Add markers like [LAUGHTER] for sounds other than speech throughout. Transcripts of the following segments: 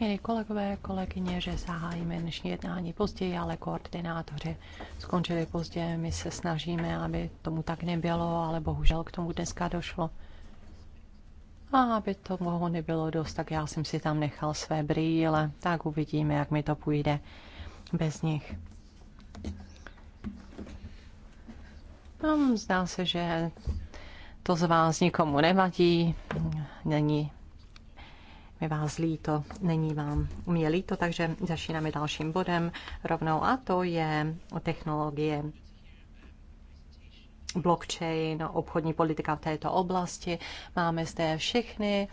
milí kolegové, kolegyně, že zahájíme dnešní jednání později, ale koordinátoři skončili pozdě. My se snažíme, aby tomu tak nebylo, ale bohužel k tomu dneska došlo. A aby mohlo nebylo dost, tak já jsem si tam nechal své brýle, tak uvidíme, jak mi to půjde bez nich. No, zdá se, že to z vás nikomu nevadí, není mi vás líto, není vám mě líto, takže začínáme dalším bodem rovnou a to je technologie blockchain, no, obchodní politika v této oblasti. Máme zde všechny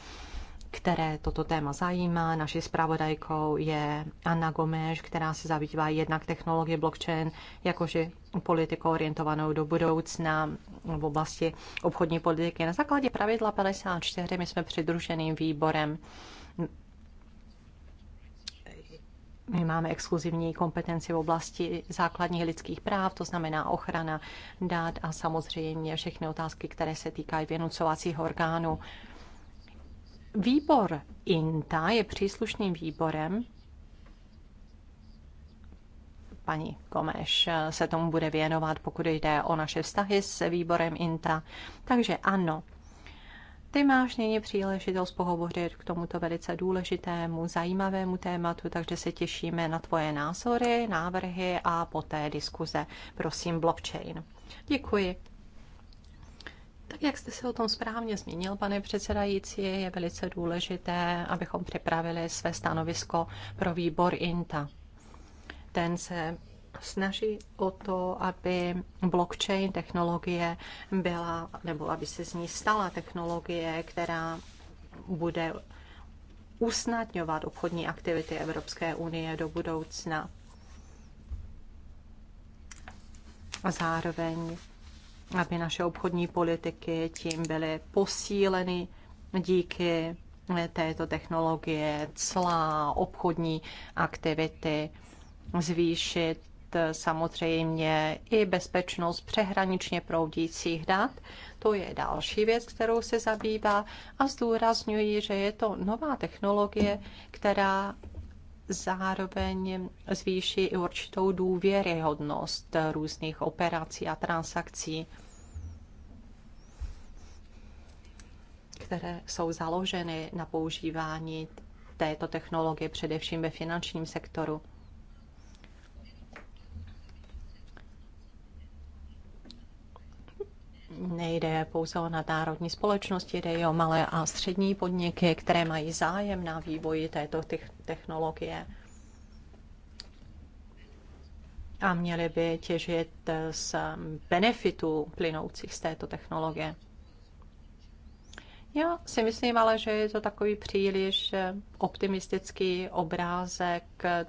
které toto téma zajímá. Naší zpravodajkou je Anna Gomeš, která se zabývá jednak technologie blockchain, jakože politikou orientovanou do budoucna v oblasti obchodní politiky. Na základě pravidla 54 my jsme přidruženým výborem my máme exkluzivní kompetenci v oblasti základních lidských práv, to znamená ochrana dát a samozřejmě všechny otázky, které se týkají vynucovacích orgánů. Výbor INTA je příslušným výborem. Paní Komeš se tomu bude věnovat, pokud jde o naše vztahy s výborem INTA. Takže ano, ty máš nyní příležitost pohovořit k tomuto velice důležitému, zajímavému tématu, takže se těšíme na tvoje názory, návrhy a poté diskuze. Prosím, blockchain. Děkuji. Tak jak jste se o tom správně zmínil, pane předsedající, je velice důležité, abychom připravili své stanovisko pro výbor INTA. Ten se snaží o to, aby blockchain technologie byla, nebo aby se z ní stala technologie, která bude usnadňovat obchodní aktivity Evropské unie do budoucna. A zároveň, aby naše obchodní politiky tím byly posíleny díky této technologie, clá, obchodní aktivity, zvýšit Eh, samozřejmě i bezpečnost přehraničně proudících dat. To je další věc, kterou se zabývá a zdůrazňuji, že je to nová technologie, která zároveň zvýší i určitou důvěryhodnost různých operací a transakcí, které jsou založeny na používání této technologie především ve finančním sektoru. nejde pouze o nadárodní společnosti, jde i o malé a střední podniky, které mají zájem na vývoji této technologie a měli by těžit z benefitů plynoucích z této technologie. Já si myslím ale, že je to takový příliš optimistický obrázek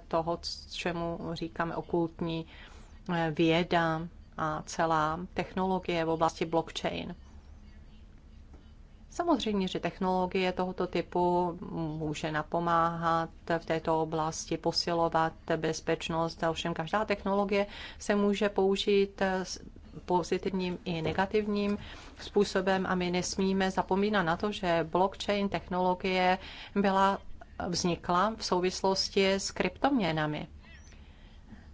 toho, čemu říkáme okultní eh, věda a celá technologie v oblasti blockchain. Samozřejmě, že technologie tohoto typu může napomáhat v této oblasti, posilovat bezpečnost a ovšem každá technologie se může použít pozitivním i negativním způsobem a my nesmíme zapomínat na to, že blockchain technologie byla vznikla v souvislosti s kryptoměnami.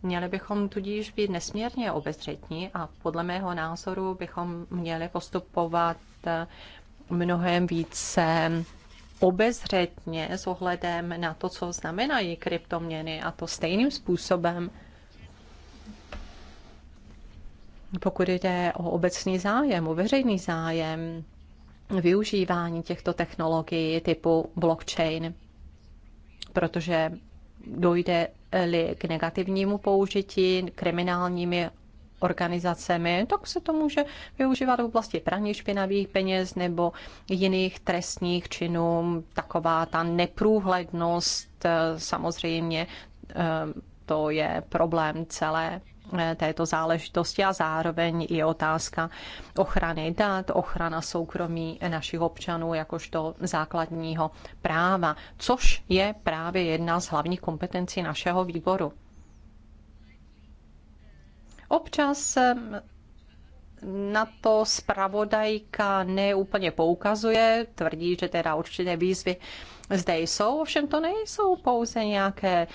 Měli bychom tudíž být nesmírně obezřetní a podle mého názoru bychom měli postupovat eh, mnohem více obezřetně s ohledem na to, co znamenají kryptoměny a to stejným způsobem, pokud jde o obecný zájem, o veřejný zájem, využívání těchto technologií typu blockchain, protože dojde k negativnímu použití kriminálními organizacemi, tak se to může využívat v oblasti praní špinavých peněz nebo jiných trestních činů. Taková ta neprůhlednost eh, samozřejmě eh, to je problém celé této záležitosti a zároveň i otázka ochrany dat, ochrana soukromí našich občanů jakožto základního práva, což je právě jedna z hlavních kompetencí našeho výboru. Občas na to zpravodajka neúplně poukazuje, tvrdí, že teda určité výzvy zde jsou, ovšem to nejsou pouze nějaké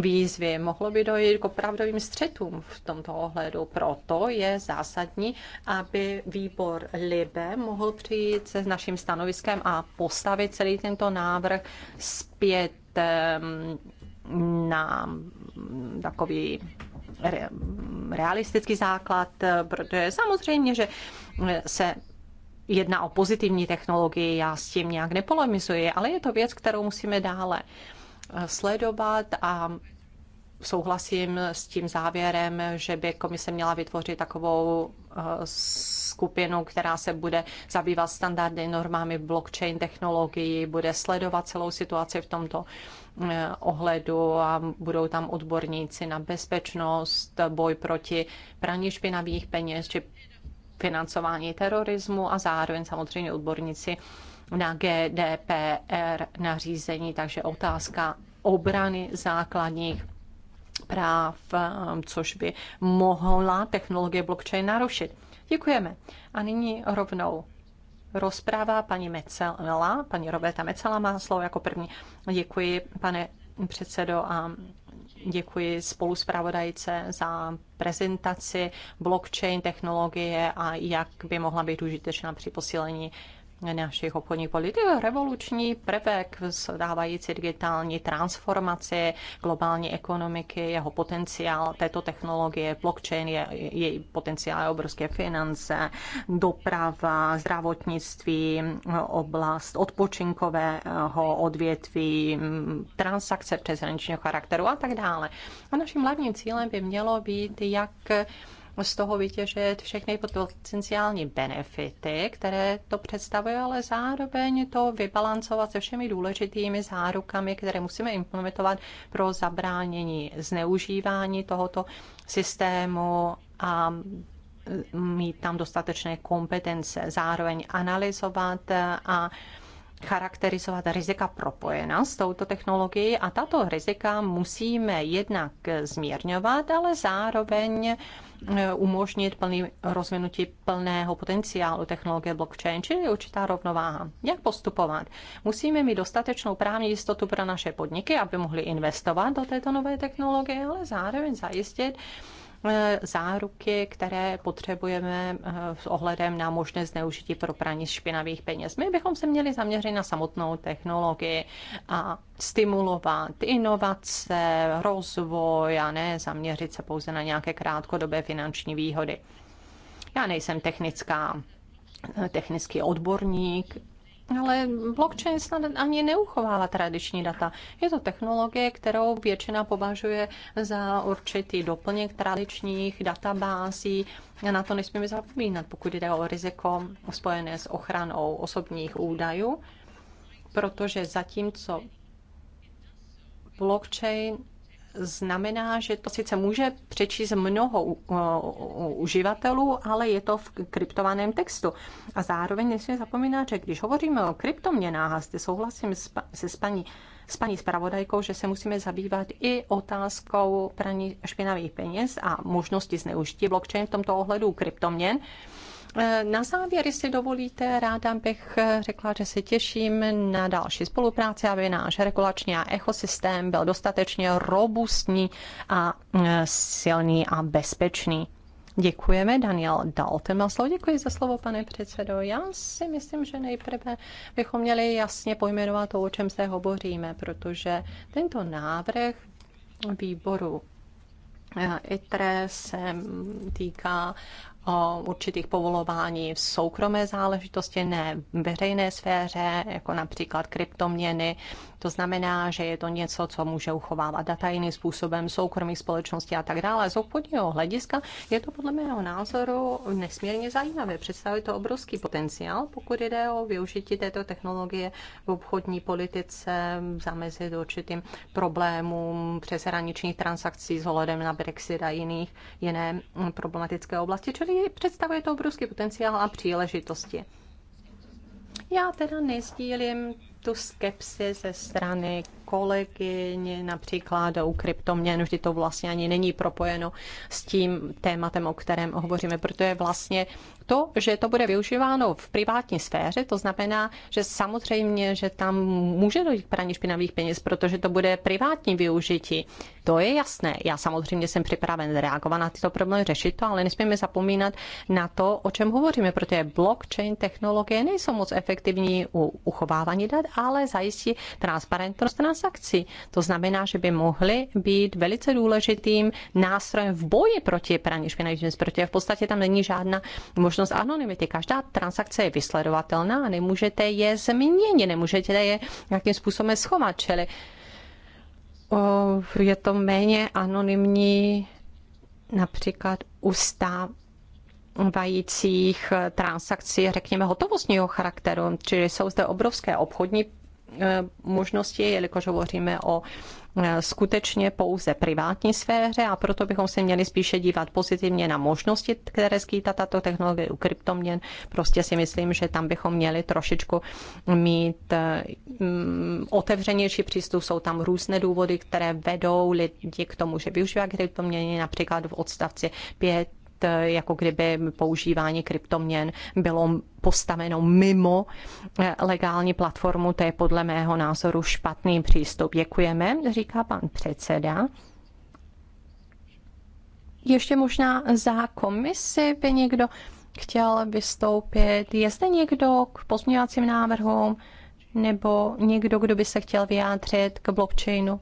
výzvy. Mohlo by dojít k opravdovým střetům v tomto ohledu. Proto je zásadní, aby výbor Libe mohl přijít se s naším stanoviskem a postavit celý tento návrh zpět ehm, na takový realistický základ, protože samozřejmě, že se jedná o pozitivní technologii, já s tím nějak nepolemizuji, ale je to věc, kterou musíme dále eh, sledovat a souhlasím s tím závěrem, že by komise měla vytvořit takovou eh, skupinu, která se bude zabývat standardy, normami blockchain technologií, bude sledovat celou situaci v tomto Eh, ohledu a budou tam odborníci na bezpečnost, boj proti praní špinavých peněz či financování terorismu a zároveň samozřejmě odborníci na GDPR nařízení, takže otázka obrany základních práv, eh, což by mohla technologie blockchain narušit. Děkujeme. A nyní rovnou rozpráva. Paní Mecela, paní Roberta Mecela má slovo jako první. Děkuji, pane předsedo, a děkuji spoluzpravodajce za prezentaci blockchain technologie a jak by mohla být užitečná při posílení našich obchodních politik. Revoluční prvek vzdávající digitální transformaci globální ekonomiky, jeho potenciál této technologie, blockchain, je, její potenciál je obrovské finance, doprava, zdravotnictví, oblast odpočinkového odvětví, transakce přeshraničního charakteru a tak dále. A naším hlavním cílem by mělo být, jak z toho vytěžit všechny potenciální benefity, které to představuje, ale zároveň to vybalancovat se všemi důležitými zárukami, které musíme implementovat pro zabránění zneužívání tohoto systému a mít tam dostatečné kompetence, zároveň analyzovat a charakterizovat rizika propojená s touto technologií a tato rizika musíme jednak zmírňovat, ale zároveň E, umožnit plný rozvinutí plného potenciálu technologie blockchain, čili určitá rovnováha. Jak postupovat? Musíme mít dostatečnou právní jistotu pro naše podniky, aby mohly investovat do této nové technologie, ale zároveň zajistit, Eh, záruky, které potřebujeme eh, s ohledem na možné zneužití pro praní špinavých peněz. My bychom se měli zaměřit na samotnou technologii a stimulovat inovace, rozvoj a ne zaměřit se pouze na nějaké krátkodobé finanční výhody. Já nejsem technická eh, technický odborník, ale blockchain snad ani neuchovává tradiční data. Je to technologie, kterou většina považuje za určitý doplněk tradičních databází. A na to nesmíme zapomínat, pokud jde o riziko spojené s ochranou osobních údajů, protože zatímco blockchain znamená, že to sice může přečíst mnoho uživatelů, ale je to v kryptovaném textu. A zároveň nesmíme zapomínat, že když hovoříme o kryptoměnách, a zde souhlasím s, se s paní s paní spravodajkou, že se musíme zabývat i otázkou praní špinavých peněz a možnosti zneužití blockchain v tomto ohledu kryptoměn. Eh, na závěr, jestli dovolíte, ráda bych eh, řekla, že se těším na další spolupráci, aby náš regulační a ekosystém byl dostatečně robustní a eh, silný a bezpečný. Děkujeme, Daniel Dalton má slovo. Děkuji za slovo, pane předsedo. Já si myslím, že nejprve bychom měli jasně pojmenovat to, o čem se hovoříme, protože tento návrh výboru ITRE se týká o určitých povolování v soukromé záležitosti, ne v veřejné sféře, jako například kryptoměny to znamená, že je to něco, co může uchovávat data jiným způsobem, soukromí společnosti a tak dále. Z obchodního hlediska je to podle mého názoru nesmírně zajímavé. Představuje to obrovský potenciál, pokud jde o využití této technologie v obchodní politice, zamezit určitým problémům přeshraničních transakcí s ohledem na Brexit a jiných, jiné problematické oblasti. Čili představuje to obrovský potenciál a příležitosti. Já teda nezdílím tu skepsi ze strany kolegy například u kryptoměn, vždy to vlastně ani není propojeno s tím tématem, o kterém hovoříme, protože vlastně to, že to bude využíváno v privátní sféře, to znamená, že samozřejmě, že tam může dojít k praní špinavých peněz, protože to bude privátní využití. To je jasné. Já samozřejmě jsem připraven reagovat na tyto problémy, řešit to, ale nesmíme zapomínat na to, o čem hovoříme, protože blockchain technologie nejsou moc efektivní u uchovávání dat, ale zajistí transparentnost, na transakcí. To znamená, že by mohly být velice důležitým nástrojem v boji proti praní špinavých peněz, protože v podstatě tam není žádná možnost anonymity. Každá transakce je vysledovatelná a nemůžete je změnit, nemůžete je nějakým způsobem schovat, čili je to méně anonymní například u vajících transakcí, řekněme, hotovostního charakteru, čili jsou zde obrovské obchodní Eh, možnosti, jelikož hovoříme o eh, skutečně pouze privátní sféře a proto bychom se měli spíše dívat pozitivně na možnosti, které skýta tato technologie u kryptoměn. Prostě si myslím, že tam bychom měli trošičku mít eh, mm, otevřenější přístup. Jsou tam různé důvody, které vedou lidi k tomu, že využívají kryptoměny, například v odstavci 5 Eh, jako kdyby používání kryptoměn bylo postaveno mimo eh, legální platformu. To je podle mého názoru špatný přístup. Děkujeme, říká pan předseda. Ještě možná za komisi by někdo chtěl vystoupit. Je zde někdo k pozměňovacím návrhům nebo někdo, kdo by se chtěl vyjádřit k blockchainu?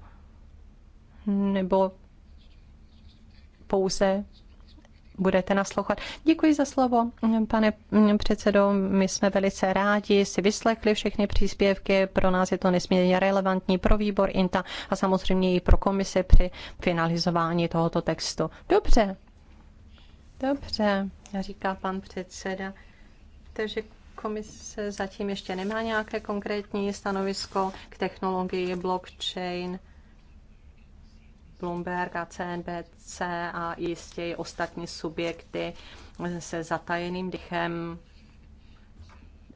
Nebo pouze budete naslouchat. Děkuji za slovo, pane předsedo. My jsme velice rádi si vyslechli všechny příspěvky. Pro nás je to nesmírně relevantní pro výbor INTA a samozřejmě i pro komise při finalizování tohoto textu. Dobře, dobře, říká pan předseda. Takže komise zatím ještě nemá nějaké konkrétní stanovisko k technologii blockchain. Bloomberg a CNBC a jistě i ostatní subjekty se zatajeným dechem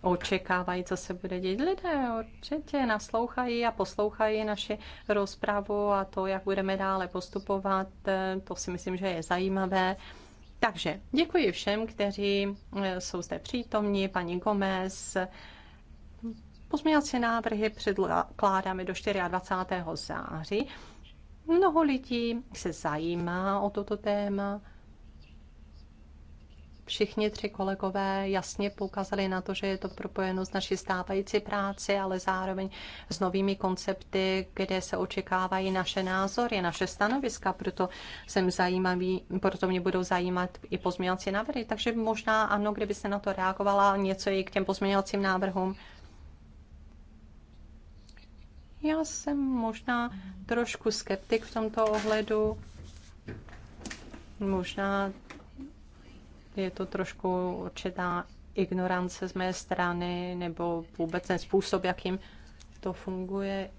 očekávají, co se bude dít. Lidé určitě naslouchají a poslouchají naši rozpravu a to, jak budeme dále postupovat, to si myslím, že je zajímavé. Takže děkuji všem, kteří eh, jsou zde přítomní, paní Gomez. Pozměňovací návrhy předkládáme do 24. září. Mnoho lidí se zajímá o toto téma. Všichni tři kolegové jasně poukázali na to, že je to propojeno s naší stávající práci, ale zároveň s novými koncepty, kde se očekávají naše názory, naše stanoviska. Proto jsem zajímavý, proto mě budou zajímat i pozměňovací návrhy. Takže možná ano, kdyby se na to reagovala něco i k těm pozměňovacím návrhům. Já jsem možná trošku skeptik v tomto ohledu. Možná je to trošku určitá ignorance z mé strany nebo vůbec ten způsob, jakým to funguje.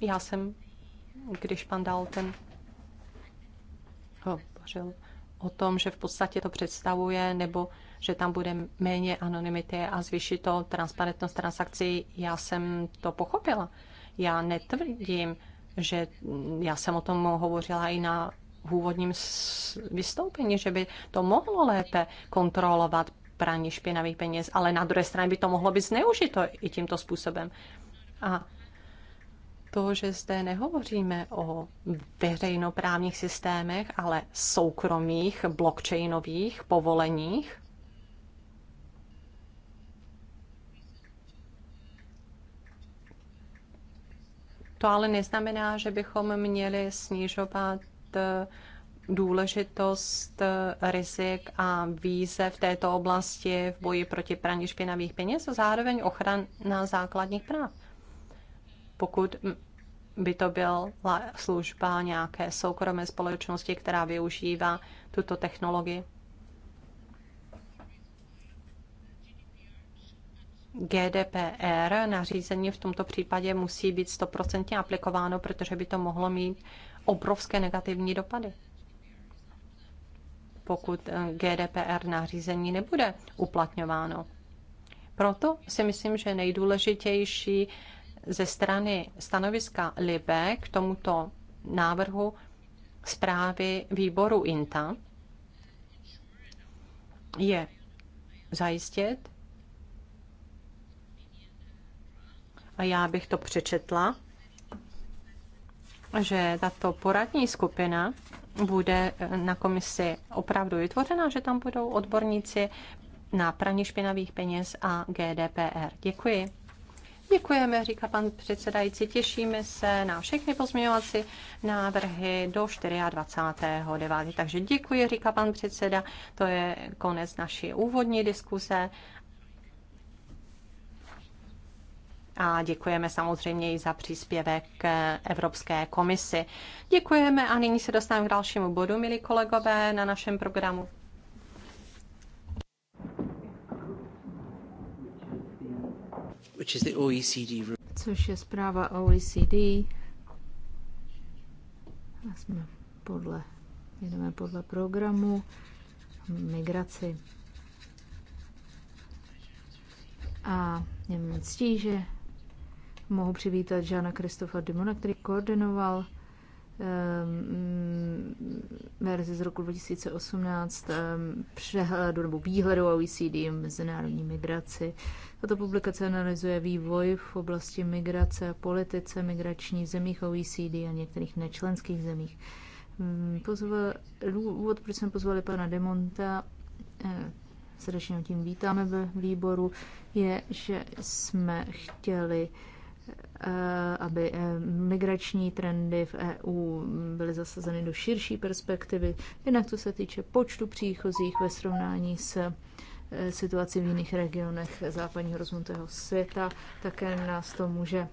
Já jsem, když pan Dalton hovořil o tom, že v podstatě to představuje nebo že tam bude méně anonymity a zvýší to transparentnost transakcí, já jsem to pochopila. Já netvrdím, že já jsem o tom hovořila i na úvodním vystoupení, že by to mohlo lépe kontrolovat praní špinavých peněz, ale na druhé straně by to mohlo být zneužito i tímto způsobem. A to, že zde nehovoříme o veřejnoprávních systémech, ale soukromých blockchainových povoleních, To ale neznamená, že bychom měli snižovat eh, důležitost eh, rizik a výzev v této oblasti v boji proti praní špinavých peněz a zároveň ochrana základních práv. Pokud by to byla služba nějaké soukromé společnosti, která využívá tuto technologii. GDPR nařízení v tomto případě musí být stoprocentně aplikováno, protože by to mohlo mít obrovské negativní dopady. Pokud eh, GDPR nařízení nebude uplatňováno. Proto si myslím, že nejdůležitější ze strany stanoviska LIBE k tomuto návrhu zprávy výboru INTA je zajistit, a já bych to přečetla, že tato poradní skupina bude na komisi opravdu vytvořena, že tam budou odborníci na praní špinavých peněz a GDPR. Děkuji. Děkujeme, říká pan předsedající. Těšíme se na všechny pozměňovací návrhy do 24.9. Takže děkuji, říká pan předseda. To je konec naší úvodní diskuse a děkujeme samozřejmě i za příspěvek eh, Evropské komisi. Děkujeme a nyní se dostávám k dalšímu bodu, milí kolegové, na našem programu. E Což je zpráva OECD. A jsme podle, jedeme podle programu migraci. A je mi ctí, že Mohu přivítat Žána Kristofa Dimona, který koordinoval ehm, verzi z roku 2018 ehm, přehledu nebo výhledu OECD mezinárodní migraci. Tato publikace analyzuje vývoj v oblasti migrace a politice migrační v zemích OECD a některých nečlenských zemích. Ehm, Pozval, důvod, proč jsme pozvali pana Demonta, eh, srdečně tím vítáme ve výboru, je, že jsme chtěli aby eh, migrační trendy v EU byly zasazeny do širší perspektivy, jinak co se týče počtu příchozích ve srovnání s eh, situaci v jiných regionech západního rozvinutého světa. Také nás to může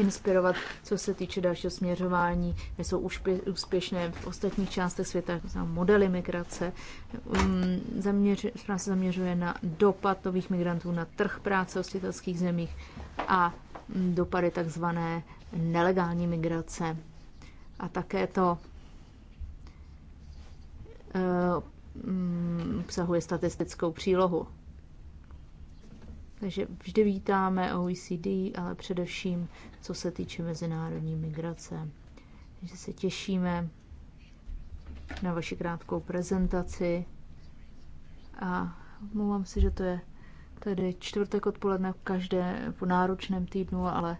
inspirovat, co se týče dalšího směřování, jsou úspěšné v ostatních částech světa, jako znamená modely migrace. Um, Zaměř, se zaměřuje na dopad nových migrantů na trh práce v hostitelských zemích a dopady takzvané nelegální migrace. A také to eh, mm, obsahuje statistickou přílohu. Takže vždy vítáme OECD, ale především co se týče mezinárodní migrace. Takže se těšíme na vaši krátkou prezentaci a mluvám si, že to je tady čtvrtek odpoledne v každé po náročném týdnu, ale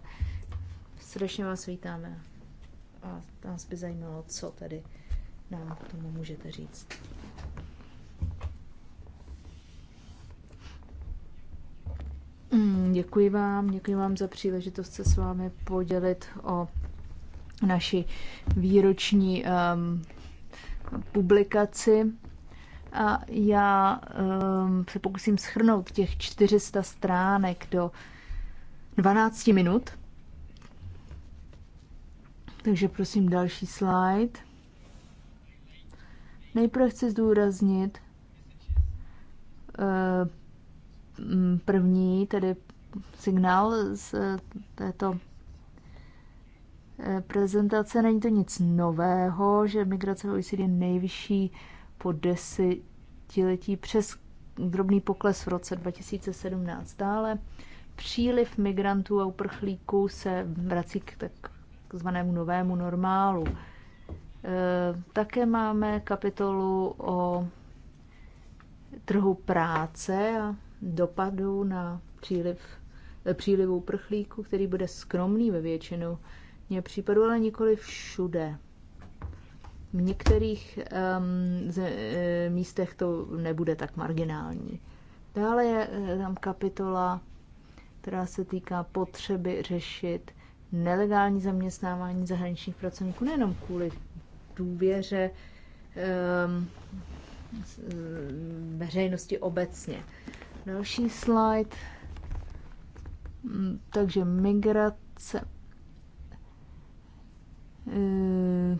srdečně vás vítáme a nás by zajímalo, co tady nám k tomu můžete říct. Mm, děkuji vám, děkuji vám za příležitost se s vámi podělit o naši výroční um, publikaci. A já um, se pokusím schrnout těch 400 stránek do 12 minut. Takže prosím další slide. Nejprve chci zdůraznit, uh, Mm, první tedy signál z eh, této eh, prezentace. Není to nic nového, že migrace OECD je nejvyšší po desetiletí přes drobný pokles v roce 2017. Dále příliv migrantů a uprchlíků se vrací k takzvanému novému normálu. Eh, také máme kapitolu o trhu práce a dopadu na příliv, přílivu prchlíků, který bude skromný ve většinu případu, ale nikoli všude. V některých um, z, e, eh, místech to nebude tak marginální. Dále je eh, tam kapitola, která se týká potřeby řešit nelegální zaměstnávání zahraničních pracovníků nejenom kvůli důvěře um, veřejnosti obecně, Další slide. Mm, takže migrace. Eh,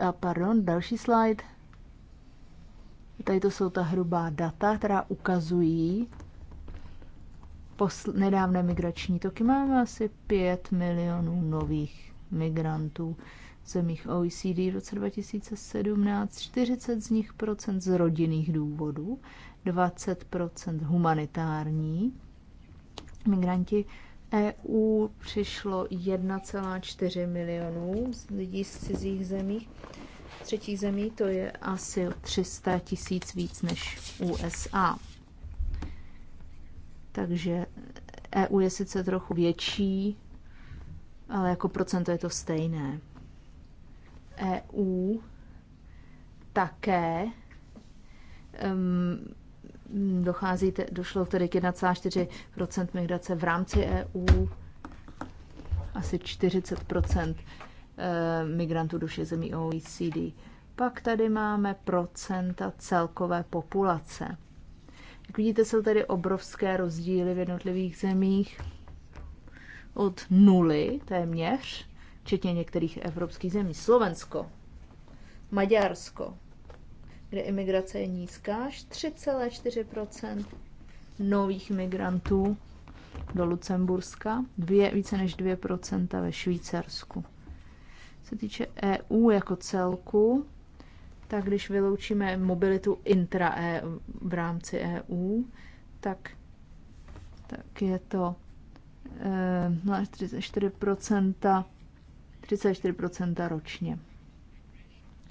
a pardon, další slide. Tady to jsou ta hrubá data, která ukazují posl- nedávné migrační toky. Máme asi 5 milionů nových migrantů zemích OECD v roce 2017, 40 z nich procent z rodinných důvodů, 20 procent humanitární. Migranti EU přišlo 1,4 milionů lidí z cizích zemí. Třetí zemí to je asi 300 tisíc víc než USA. Takže EU je sice trochu větší, ale jako procento je to stejné. EU také um, dochází, te, došlo tedy k 1,4 migrace v rámci EU, asi 40 eh, migrantů do zemí OECD. Pak tady máme procenta celkové populace. Jak vidíte, jsou tady obrovské rozdíly v jednotlivých zemích od nuly téměř včetně některých evropských zemí. Slovensko, Maďarsko, kde imigrace je nízká, až 3,4 nových migrantů do Lucemburska, dvě, více než 2 ve Švýcarsku. Se týče EU jako celku, tak když vyloučíme mobilitu intra EU, v rámci EU, tak, tak je to eh, 4 no, 34 ročně.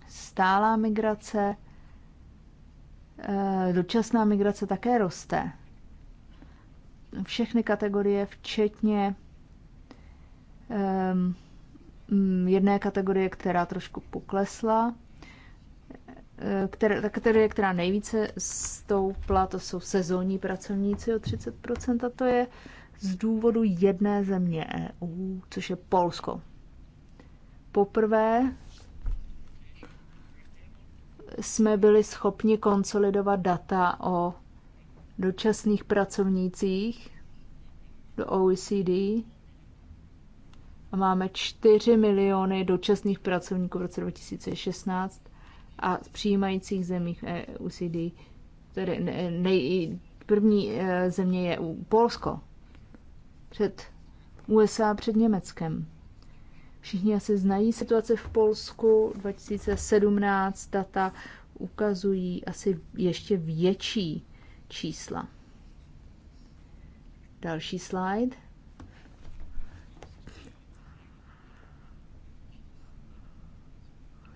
Stálá migrace, eh, dočasná migrace také roste. Všechny kategorie, včetně ehm, mm, jedné kategorie, která trošku poklesla, eh, která, ta kategorie, která nejvíce stoupla, to jsou sezónní pracovníci o 30%, a to je z důvodu jedné země EU, což je Polsko. Poprvé jsme byli schopni konsolidovat data o dočasných pracovnících do OECD a máme 4 miliony dočasných pracovníků v roce 2016 a v přijímajících zemích OECD, tedy nej, první eh, země je Polsko, před USA, před Německem. Všichni asi znají situaci v Polsku. 2017 data ukazují asi ještě větší čísla. Další slide.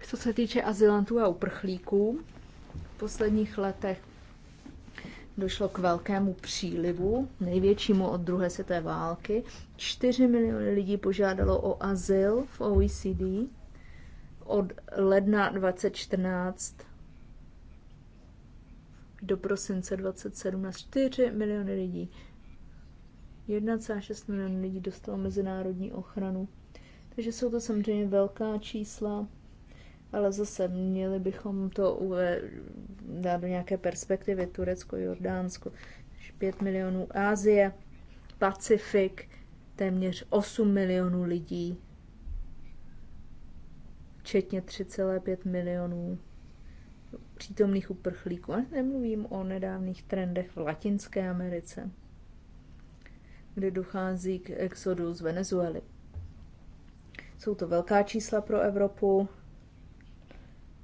Co se týče azylantů a uprchlíků, v posledních letech došlo k velkému přílivu, největšímu od druhé světové války. 4 miliony lidí požádalo o azyl v OECD. Od ledna 2014 do prosince 2017 4 miliony lidí. 1,6 milionů lidí dostalo mezinárodní ochranu. Takže jsou to samozřejmě velká čísla. Ale zase měli bychom to dát do nějaké perspektivy. Turecko, Jordánsko, 5 milionů Asie, Pacifik, téměř 8 milionů lidí, včetně 3,5 milionů přítomných uprchlíků. A nemluvím o nedávných trendech v Latinské Americe, kde dochází k exodu z Venezuely. Jsou to velká čísla pro Evropu,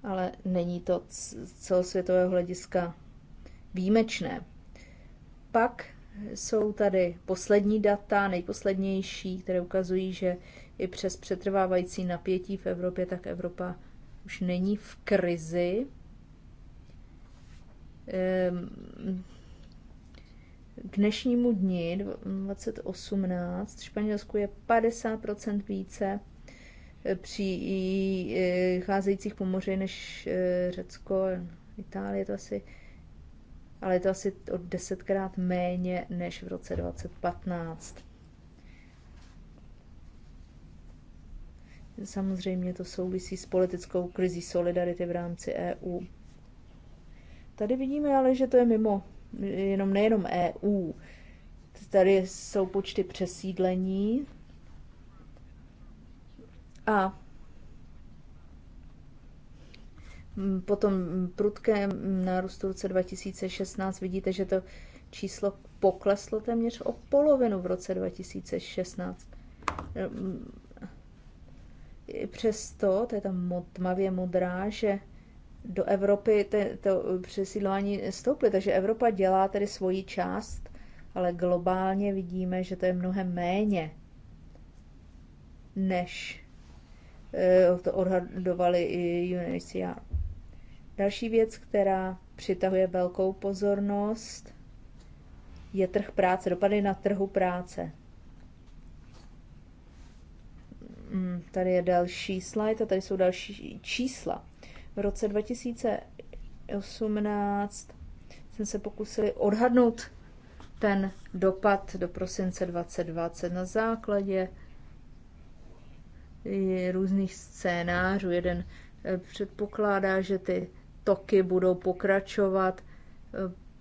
ale není to celosvětového hlediska výjimečné. Pak jsou tady poslední data, nejposlednější, které ukazují, že i přes přetrvávající napětí v Evropě, tak Evropa už není v krizi. Ehm, k dnešnímu dni 2018 Španělsku je 50 více přicházejících po moři než eh, Řecko, Itálie, to asi, ale je to asi od desetkrát méně než v roce 2015. Samozřejmě to souvisí s politickou krizí solidarity v rámci EU. Tady vidíme ale, že to je mimo, jenom nejenom EU. Tady jsou počty přesídlení, a mm, potom prudké mm, nárůstu v roce 2016 vidíte, že to číslo pokleslo téměř o polovinu v roce 2016. Mm, I přesto, to je tam tmavě modrá, že do Evropy to, to přesídlování stouplo. takže Evropa dělá tedy svoji část, ale globálně vidíme, že to je mnohem méně, než Eh, to odhadovali i UNHCR. Další věc, která přitahuje velkou pozornost, je trh práce, dopady na trhu práce. Mm, tady je další slide a tady jsou další čísla. V roce 2018 jsme se pokusili odhadnout ten dopad do prosince 2020 na základě různých scénářů. Jeden eh, předpokládá, že ty toky budou pokračovat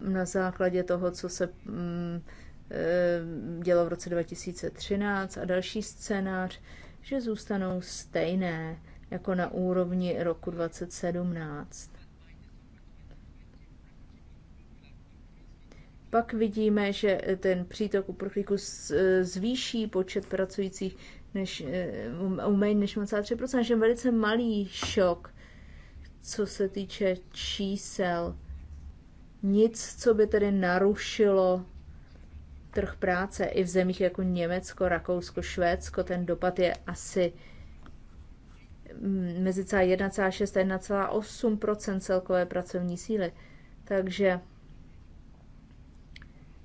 eh, na základě toho, co se mm, eh, dělo v roce 2013 a další scénář, že zůstanou stejné jako na úrovni roku 2017. Pak vidíme, že ten přítok uprchlíků zvýší počet pracujících než, eh, u um, méně než 0,3%, že velice malý šok, co se týče čísel. Nic, co by tedy narušilo trh práce i v zemích jako Německo, Rakousko, Švédsko, ten dopad je asi mm, mezi 1,6 a 1,8 celkové pracovní síly. Takže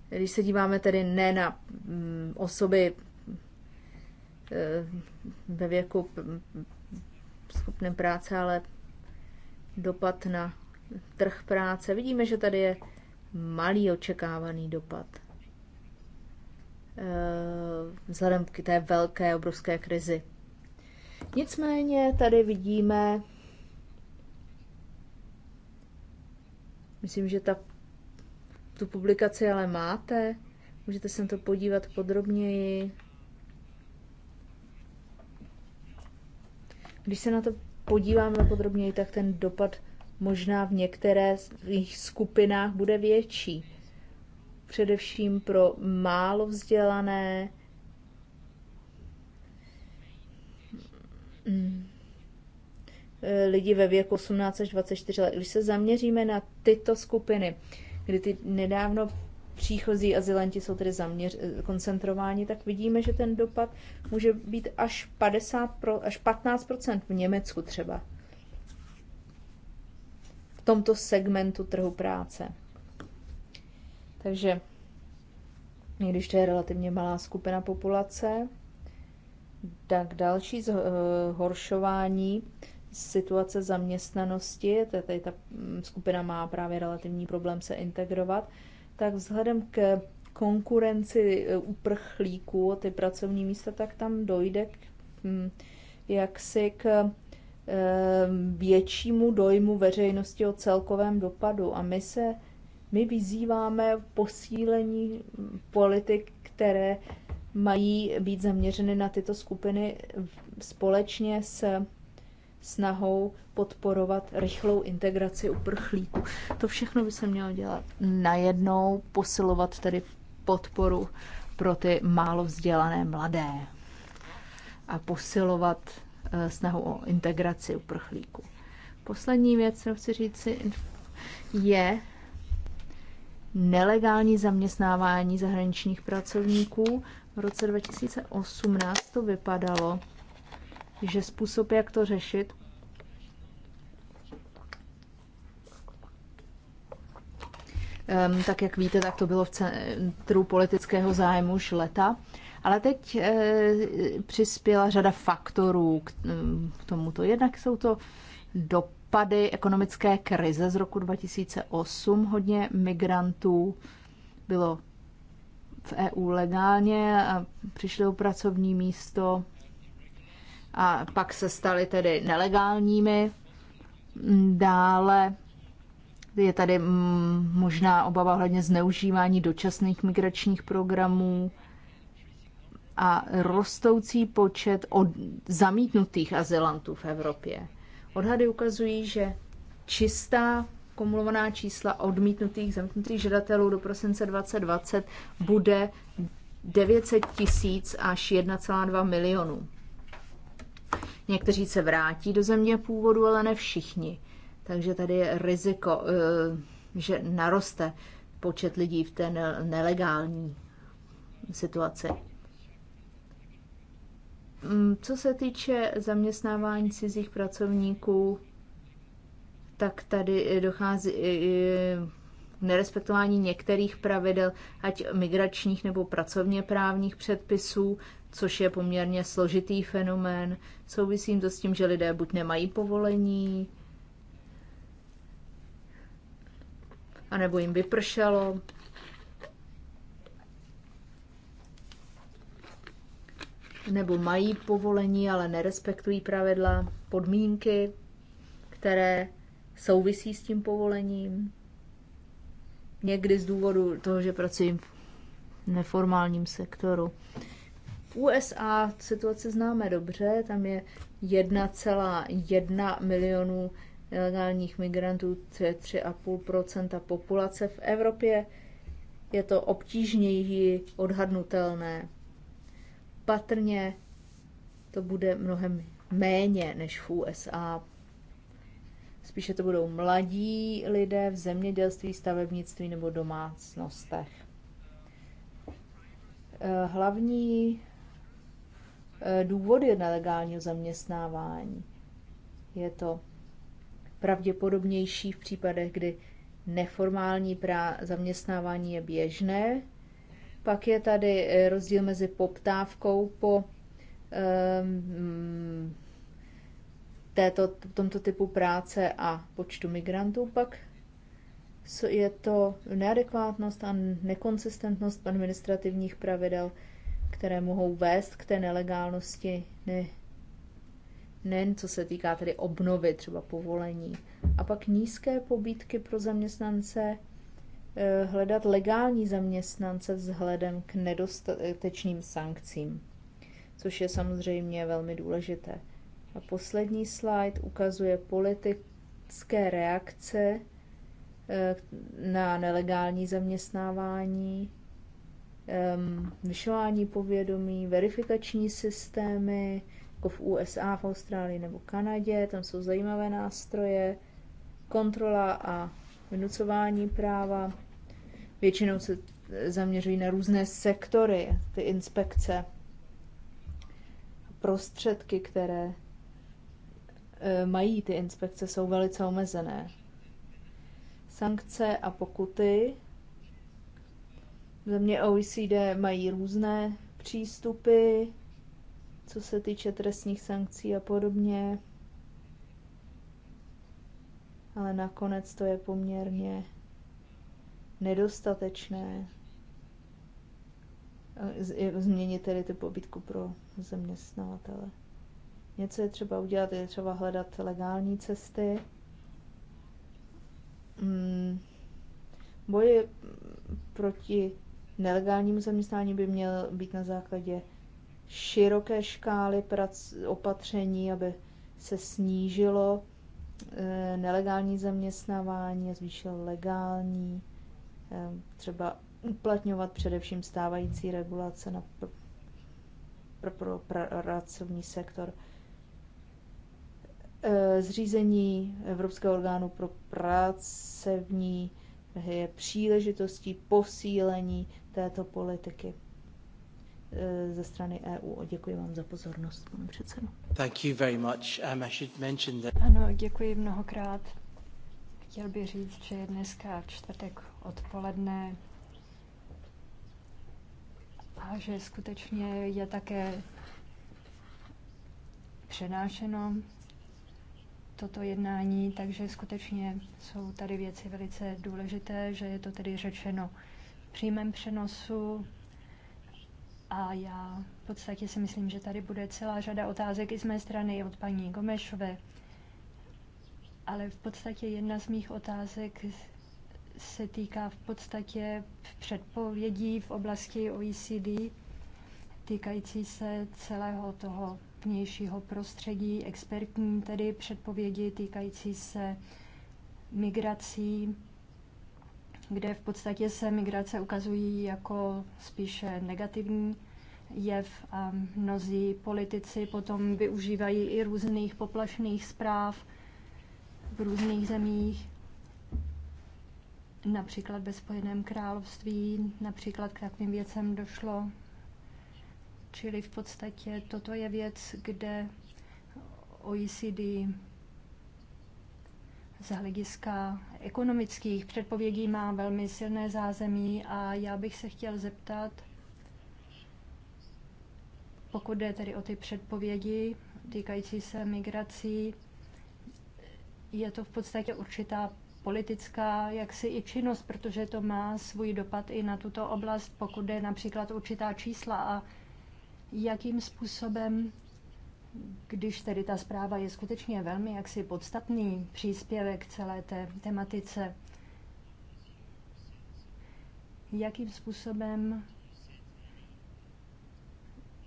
když se díváme tedy ne na mm, osoby Eh, ve věku schopném práce, ale dopad na trh práce. Vidíme, že tady je malý očekávaný dopad. Eh, vzhledem k té velké, obrovské krizi. Nicméně tady vidíme, myslím, že ta, tu publikaci ale máte, můžete se na to podívat podrobněji. Když se na to podíváme podrobněji, tak ten dopad možná v některé z jejich skupinách bude větší. Především pro málo vzdělané, mm. lidi ve věku 18 až 24 let. Když se zaměříme na tyto skupiny, kdy ty nedávno příchozí azylanti jsou tedy zaměř, koncentrováni, tak vidíme, že ten dopad může být až, 50 pro, až 15 v Německu třeba. V tomto segmentu trhu práce. Takže i když to je relativně malá skupina populace, tak další eh, zhoršování situace zaměstnanosti, tady ta mm, skupina má právě relativní problém se integrovat, tak vzhledem k konkurenci e, uprchlíků, ty pracovní místa, tak tam dojde k, mm, jaksi k e, většímu dojmu veřejnosti o celkovém dopadu. A my se my vyzýváme posílení politik, které mají být zaměřeny na tyto skupiny společně s snahou podporovat rychlou integraci uprchlíků. To všechno by se mělo dělat najednou, posilovat tedy podporu pro ty málo vzdělané mladé a posilovat eh, snahu o integraci uprchlíků. Poslední věc, co chci říci, je nelegální zaměstnávání zahraničních pracovníků. V roce 2018 to vypadalo, že způsob, jak to řešit, tak jak víte, tak to bylo v centru politického zájmu už leta. Ale teď eh, přispěla řada faktorů k tomuto. Jednak jsou to dopady ekonomické krize z roku 2008. Hodně migrantů bylo v EU legálně a přišli o pracovní místo a pak se staly tedy nelegálními. Dále je tady mm, možná obava hledně zneužívání dočasných migračních programů a rostoucí počet od zamítnutých azylantů v Evropě. Odhady ukazují, že čistá kumulovaná čísla odmítnutých zamítnutých žadatelů do prosince 2020 bude 900 tisíc až 1,2 milionů. Někteří se vrátí do země původu, ale ne všichni. Takže tady je riziko, eh, že naroste počet lidí v té nelegální situaci. Mm, co se týče zaměstnávání cizích pracovníků, tak tady dochází nerespektování některých pravidel, ať migračních nebo pracovně právních předpisů, což je poměrně složitý fenomén. Souvisím to s tím, že lidé buď nemají povolení, anebo jim vypršelo. Nebo mají povolení, ale nerespektují pravidla, podmínky, které souvisí s tím povolením. Někdy z důvodu toho, že pracuji v neformálním sektoru. V USA situaci známe dobře, tam je 1,1 milionů ilegálních migrantů, to je 3,5 populace. V Evropě je to obtížněji odhadnutelné. Patrně to bude mnohem méně než v USA, Spíše to budou mladí lidé v zemědělství, stavebnictví nebo domácnostech. Eh, hlavní eh, důvody nelegálního zaměstnávání je to pravděpodobnější v případech, kdy neformální zaměstnávání je běžné. Pak je tady eh, rozdíl mezi poptávkou po um, této, tomto typu práce a počtu migrantů, pak je to neadekvátnost a nekonsistentnost administrativních pravidel, které mohou vést k té nelegálnosti, ne, nejen co se týká tedy obnovy třeba povolení. A pak nízké pobídky pro zaměstnance eh, hledat legální zaměstnance vzhledem k nedostatečným sankcím, což je samozřejmě velmi důležité. A poslední slide ukazuje politické reakce eh, na nelegální zaměstnávání, ehm, vyšování povědomí, verifikační systémy, jako v USA, v Austrálii nebo Kanadě, tam jsou zajímavé nástroje, kontrola a vynucování práva. Většinou se eh, zaměřují na různé sektory, ty inspekce, prostředky, které E, mají ty inspekce, jsou velice omezené. Sankce a pokuty. Země OECD mají různé přístupy, co se týče trestních sankcí a podobně. Ale nakonec to je poměrně nedostatečné e, změnit tedy tu pobytku pro zaměstnavatele. Něco je třeba udělat, je třeba hledat legální cesty. boje proti nelegálnímu zaměstnání by měl být na základě široké škály prac- opatření, aby se snížilo e, nelegální zaměstnávání a zvýšilo legální, e, třeba uplatňovat především stávající regulace na pr- pr- pr- pracovní sektor. E, Eh, zřízení Evropského orgánu pro pracovní je příležitostí posílení této politiky eh, ze strany EU. Děkuji vám za pozornost, pane předsedo. Thank you very much. Um, I should mention that... Ano, děkuji mnohokrát. Chtěl bych říct, že je dneska čtvrtek odpoledne a že skutečně je také přenášeno toto jednání, takže skutečně jsou tady věci velice důležité, že je to tedy řečeno v přímém přenosu. A já v podstatě si myslím, že tady bude celá řada otázek i z mé strany od paní Gomešové. Ale v podstatě jedna z mých otázek se týká v podstatě předpovědí v oblasti OECD týkající se celého toho vnějšího prostředí, expertní tedy předpovědi týkající se migrací, kde v podstatě se migrace ukazují jako spíše negativní jev a mnozí politici potom využívají i různých poplašných zpráv v různých zemích, například ve Spojeném království, například k takovým věcem došlo Čili v podstatě toto je věc, kde OECD z hlediska ekonomických předpovědí má velmi silné zázemí a já bych se chtěl zeptat, pokud jde tedy o ty předpovědi týkající se migrací, je to v podstatě určitá politická jaksi i činnost, protože to má svůj dopad i na tuto oblast, pokud jde například určitá čísla a jakým způsobem, když tedy ta zpráva je skutečně velmi jaksi podstatný příspěvek celé té tematice, jakým způsobem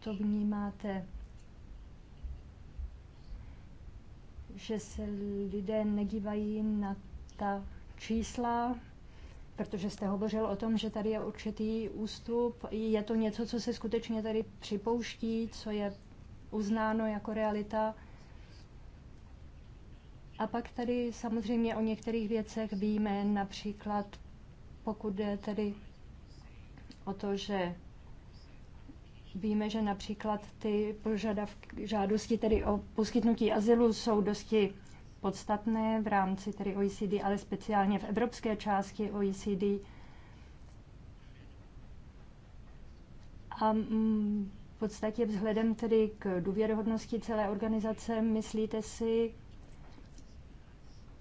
to vnímáte, že se lidé nedívají na ta čísla, protože jste hovořil o tom, že tady je určitý ústup. Je to něco, co se skutečně tady připouští, co je uznáno jako realita. A pak tady samozřejmě o některých věcech víme, například pokud jde tedy o to, že víme, že například ty požadavky, žádosti tedy o poskytnutí azylu jsou dosti podstatné v rámci tedy OECD, ale speciálně v evropské části OECD. A mm, v podstatě vzhledem tedy k důvěryhodnosti celé organizace, myslíte si,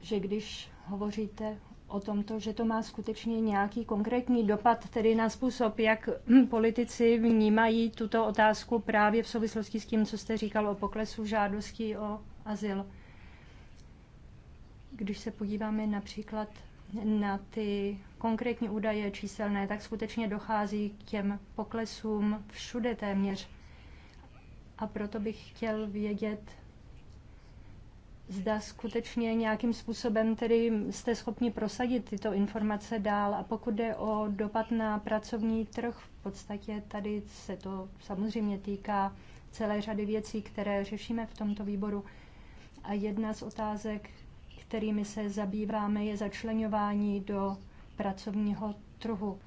že když hovoříte o tomto, že to má skutečně nějaký konkrétní dopad tedy na způsob, jak hm, politici vnímají tuto otázku právě v souvislosti s tím, co jste říkal o poklesu žádostí o azyl. Když se podíváme například na ty konkrétní údaje číselné, tak skutečně dochází k těm poklesům všude téměř. A proto bych chtěl vědět, zda skutečně nějakým způsobem tedy jste schopni prosadit tyto informace dál. A pokud jde o dopad na pracovní trh, v podstatě tady se to samozřejmě týká celé řady věcí, které řešíme v tomto výboru. A jedna z otázek, kterými se zabýváme, je začlenování do pracovního trhu.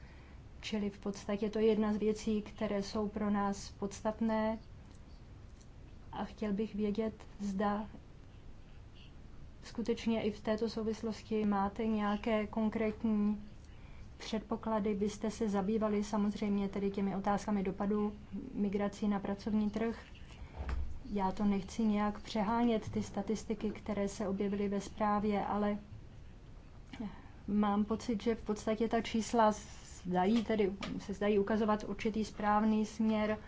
Čili v podstatě to je jedna z věcí, které jsou pro nás podstatné. A chtěl bych vědět, zda skutečně i v této souvislosti máte nějaké konkrétní předpoklady. byste se zabývali samozřejmě tedy těmi otázkami dopadu migrací na pracovní trh já to nechci nějak přehánět, ty statistiky, které se objevily ve zprávě, ale mám pocit, že v podstatě ta čísla zdají, tedy se zdají ukazovat určitý správný směr.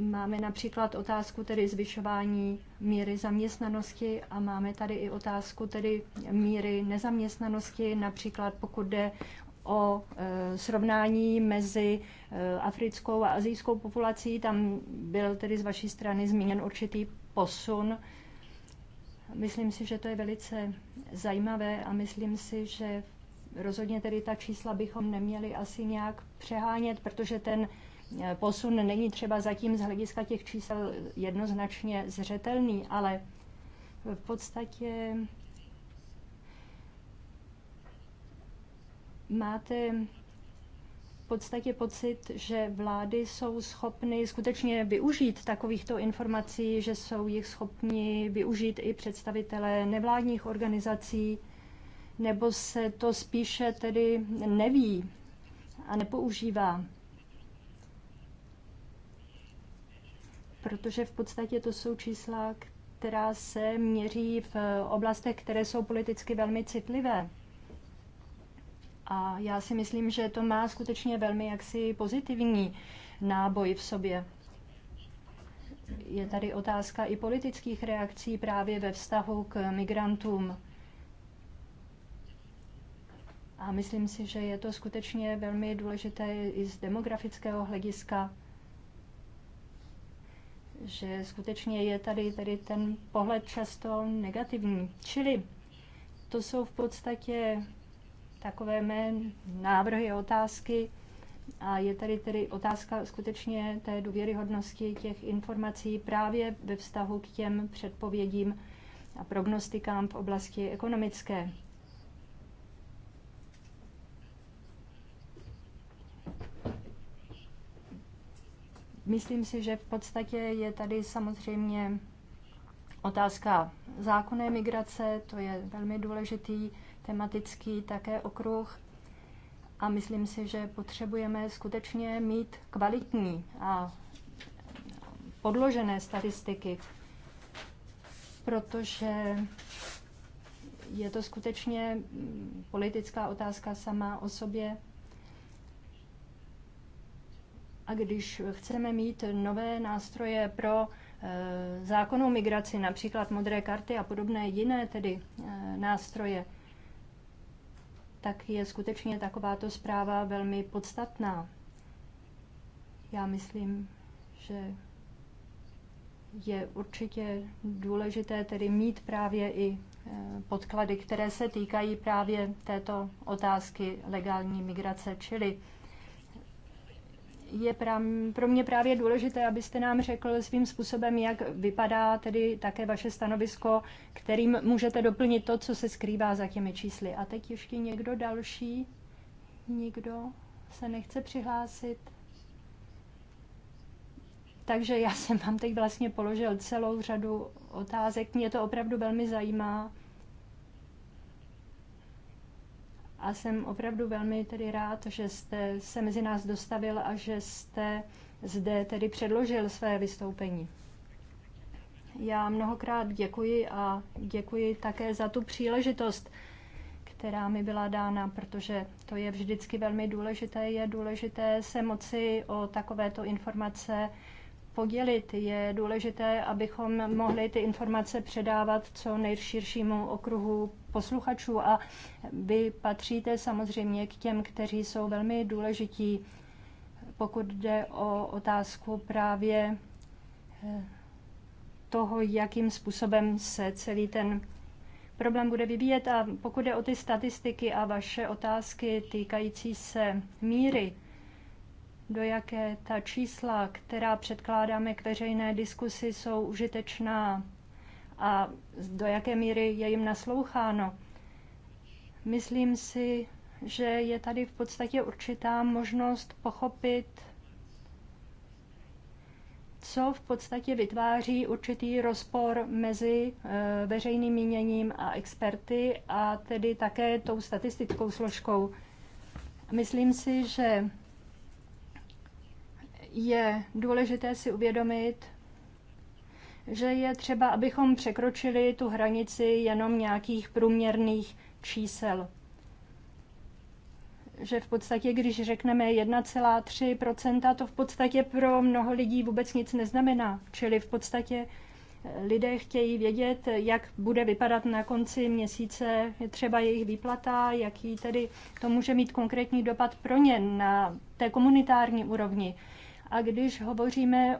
Máme například otázku tedy zvyšování míry zaměstnanosti a máme tady i otázku tedy míry nezaměstnanosti, například pokud jde o e, srovnání mezi e, africkou a azijskou populací. Tam byl tedy z vaší strany zmíněn určitý posun. Myslím si, že to je velice zajímavé a myslím si, že rozhodně tedy ta čísla bychom neměli asi nějak přehánět, protože ten e, posun není třeba zatím z hlediska těch čísel jednoznačně zřetelný, ale v podstatě máte v podstatě pocit, že vlády jsou schopny skutečně využít takovýchto informací, že jsou jich schopni využít i představitelé nevládních organizací, nebo se to spíše tedy neví a nepoužívá? Protože v podstatě to jsou čísla, která se měří v oblastech, které jsou politicky velmi citlivé. A já si myslím, že to má skutečně velmi jaksi pozitivní náboj v sobě. Je tady otázka i politických reakcí právě ve vztahu k migrantům. A myslím si, že je to skutečně velmi důležité i z demografického hlediska, že skutečně je tady, tady ten pohled často negativní. Čili to jsou v podstatě takové mé návrhy, otázky. A je tady tedy otázka skutečně té důvěryhodnosti těch informací právě ve vztahu k těm předpovědím a prognostikám v oblasti ekonomické. Myslím si, že v podstatě je tady samozřejmě otázka zákonné migrace, to je velmi důležitý tematický také okruh a myslím si, že potřebujeme skutečně mít kvalitní a podložené statistiky, protože je to skutečně politická otázka sama o sobě. A když chceme mít nové nástroje pro eh, zákonu migraci, například modré karty a podobné jiné tedy eh, nástroje, tak je skutečně takováto zpráva velmi podstatná. Já myslím, že je určitě důležité tedy mít právě i e, podklady, které se týkají právě této otázky legální migrace, čili je pro mě právě důležité, abyste nám řekl svým způsobem, jak vypadá tedy také vaše stanovisko, kterým můžete doplnit to, co se skrývá za těmi čísly. A teď ještě někdo další? Nikdo se nechce přihlásit? Takže já jsem vám teď vlastně položil celou řadu otázek. Mě to opravdu velmi zajímá. a jsem opravdu velmi tedy rád, že jste se mezi nás dostavil a že jste zde tedy předložil své vystoupení. Já mnohokrát děkuji a děkuji také za tu příležitost, která mi byla dána, protože to je vždycky velmi důležité. Je důležité se moci o takovéto informace podělit. Je důležité, abychom mohli ty informace předávat co nejširšímu okruhu posluchačů a vy patříte samozřejmě k těm, kteří jsou velmi důležití, pokud jde o otázku právě eh, toho, jakým způsobem se celý ten problém bude vyvíjet. A pokud jde o ty statistiky a vaše otázky týkající se míry, do jaké ta čísla, která předkládáme k veřejné diskusi, jsou užitečná a do jaké míry je jim nasloucháno. Myslím si, že je tady v podstatě určitá možnost pochopit, co v podstatě vytváří určitý rozpor mezi eh, veřejným míněním a experty a tedy také tou statistickou složkou. Myslím si, že je důležité si uvědomit, že je třeba, abychom překročili tu hranici jenom nějakých průměrných čísel. Že v podstatě, když řekneme 1,3%, to v podstatě pro mnoho lidí vůbec nic neznamená. Čili v podstatě eh, lidé chtějí vědět, jak bude vypadat na konci měsíce třeba jejich výplata, jaký tedy to může mít konkrétní dopad pro ně na té komunitární úrovni. A když hovoříme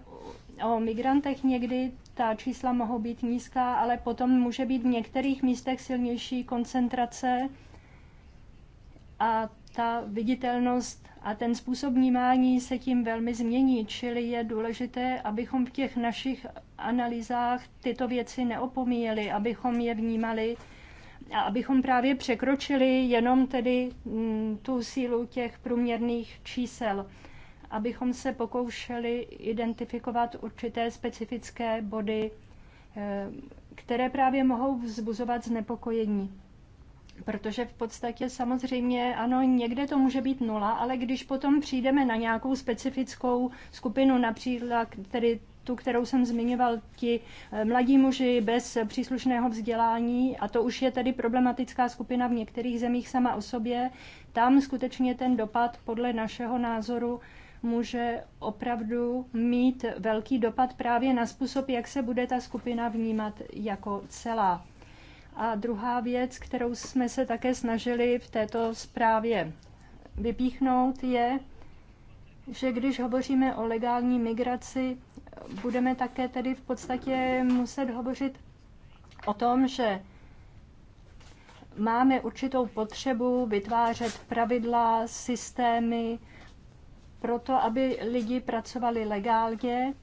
o migrantech, někdy ta čísla mohou být nízká, ale potom může být v některých místech silnější koncentrace a ta viditelnost a ten způsob vnímání se tím velmi změní, čili je důležité, abychom v těch našich analýzách tyto věci neopomíjeli, abychom je vnímali a abychom právě překročili jenom tedy mm, tu sílu těch průměrných čísel abychom se pokoušeli identifikovat určité specifické body, eh, které právě mohou vzbuzovat znepokojení. Protože v podstatě samozřejmě, ano, někde to může být nula, ale když potom přijdeme na nějakou specifickou skupinu, například tedy tu, kterou jsem zmiňoval, ti eh, mladí muži bez příslušného vzdělání, a to už je tedy problematická skupina v některých zemích sama o sobě, tam skutečně ten dopad podle našeho názoru může opravdu mít velký dopad právě na způsob, jak se bude ta skupina vnímat jako celá. A druhá věc, kterou jsme se také snažili v této zprávě vypíchnout, je, že když hovoříme o legální migraci, budeme také tedy v podstatě muset hovořit o tom, že máme určitou potřebu vytvářet pravidla, systémy, proto aby lidi pracovali legálně,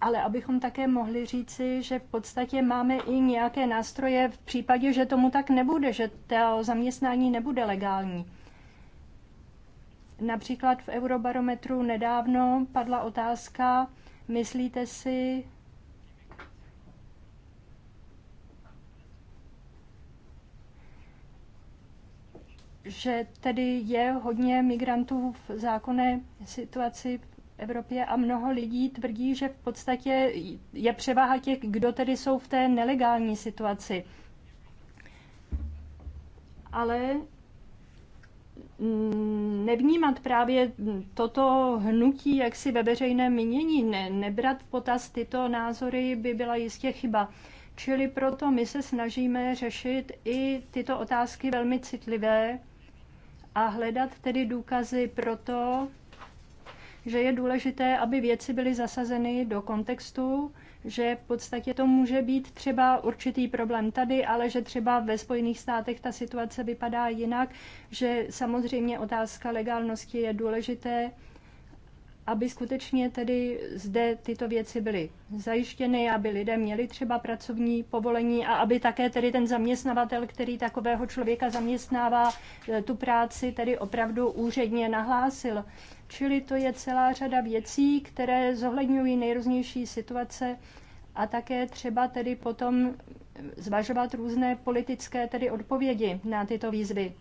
ale abychom také mohli říci, že v podstatě máme i nějaké nástroje v případě, že tomu tak nebude, že to zaměstnání nebude legální. Například v Eurobarometru nedávno padla otázka, myslíte si, že tedy je hodně migrantů v zákonné situaci v Evropě a mnoho lidí tvrdí, že v podstatě je převaha těch, kdo tedy jsou v té nelegální situaci. Ale mm, nevnímat právě toto hnutí jaksi ve veřejném mínění, ne, nebrat v potaz tyto názory by byla jistě chyba. Čili proto my se snažíme řešit i tyto otázky velmi citlivé a hledat tedy důkazy pro to, že je důležité, aby věci byly zasazeny do kontextu, že v podstatě to může být třeba určitý problém tady, ale že třeba ve Spojených státech ta situace vypadá jinak, že samozřejmě otázka legálnosti je důležité aby skutečně tedy zde tyto věci byly zajištěny, aby lidé měli třeba pracovní povolení a aby také tedy ten zaměstnavatel, který takového člověka zaměstnává, e, tu práci tedy opravdu úředně nahlásil. Čili to je celá řada věcí, které zohledňují nejrůznější situace a také třeba tedy potom zvažovat různé politické tedy odpovědi na tyto výzvy.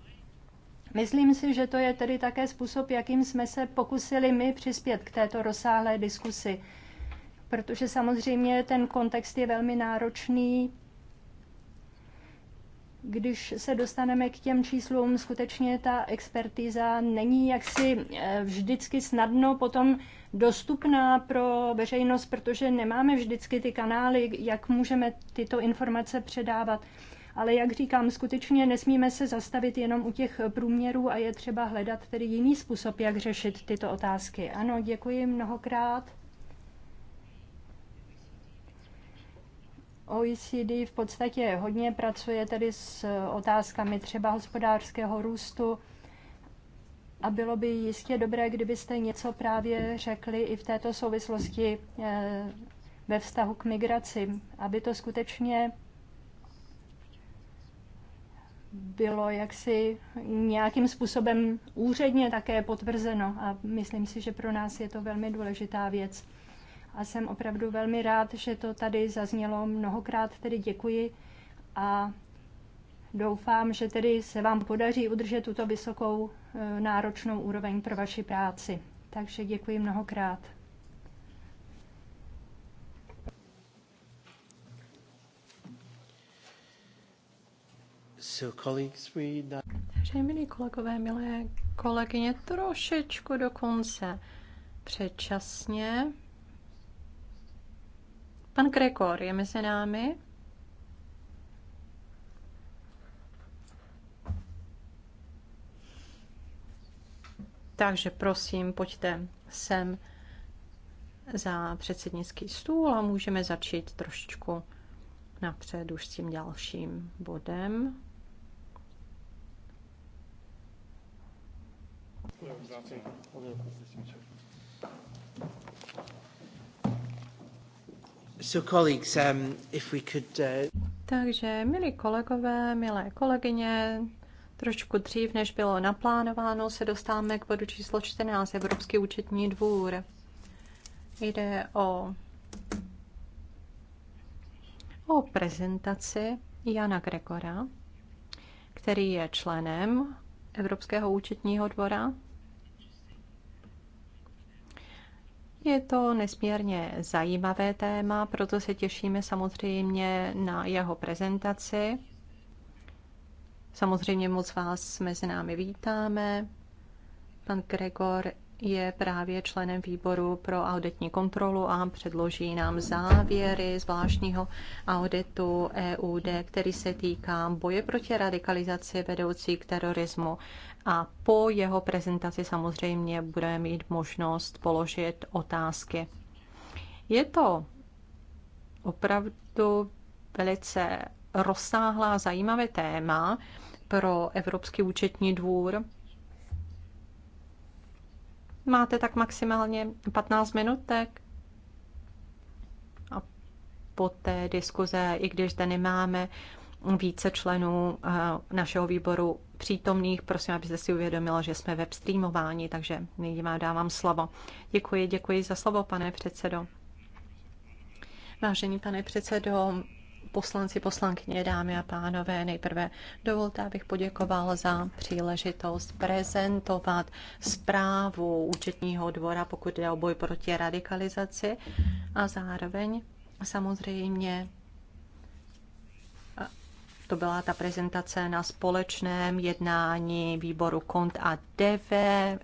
Myslím si, že to je tedy také způsob, jakým jsme se pokusili my přispět k této rozsáhlé diskusi, protože samozřejmě ten kontext je velmi náročný. Když se dostaneme k těm číslům, skutečně ta expertíza není jaksi eh, vždycky snadno potom dostupná pro veřejnost, protože nemáme vždycky ty kanály, jak můžeme tyto informace předávat. Ale jak říkám, skutečně nesmíme se zastavit jenom u těch průměrů a je třeba hledat tedy jiný způsob, jak řešit tyto otázky. Ano, děkuji mnohokrát. OECD v podstatě hodně pracuje tedy s otázkami třeba hospodářského růstu a bylo by jistě dobré, kdybyste něco právě řekli i v této souvislosti eh, ve vztahu k migraci, aby to skutečně bylo jaksi nějakým způsobem úředně také potvrzeno a myslím si, že pro nás je to velmi důležitá věc. A jsem opravdu velmi rád, že to tady zaznělo. Mnohokrát tedy děkuji a doufám, že tedy se vám podaří udržet tuto vysokou e, náročnou úroveň pro vaši práci. Takže děkuji mnohokrát. Takže, milí kolegové, milé kolegyně, trošičku dokonce předčasně. Pan Gregor je mezi námi. Takže prosím, pojďte sem za předsednický stůl a můžeme začít trošičku napřed už s tím dalším bodem. So colleagues, um, if we could, uh... Takže, milí kolegové, milé kolegyně, trošku dřív, než bylo naplánováno, se dostáváme k bodu číslo 14, Evropský účetní dvůr. Jde o, o prezentaci Jana Gregora, který je členem Evropského účetního dvora Je to nesmírně zajímavé téma, proto se těšíme samozřejmě na jeho prezentaci. Samozřejmě moc vás mezi námi vítáme. Pan Gregor je právě členem výboru pro auditní kontrolu a předloží nám závěry zvláštního auditu EUD, který se týká boje proti radikalizaci vedoucí k terorismu. A po jeho prezentaci samozřejmě budeme mít možnost položit otázky. Je to opravdu velice rozsáhlá zajímavé téma pro Evropský účetní dvůr Máte tak maximálně 15 minutek. A po té diskuze, i když zde nemáme více členů eh, našeho výboru přítomných, prosím, abyste si uvědomila, že jsme webstreamováni, takže nyní vám dávám slovo. Děkuji, děkuji za slovo, pane předsedo. Vážený pane předsedo, poslanci, poslankyně, dámy a pánové, nejprve dovolte, abych poděkoval za příležitost prezentovat zprávu účetního dvora, pokud jde o boj proti radikalizaci a zároveň samozřejmě to byla ta prezentace na společném jednání výboru KONT a DV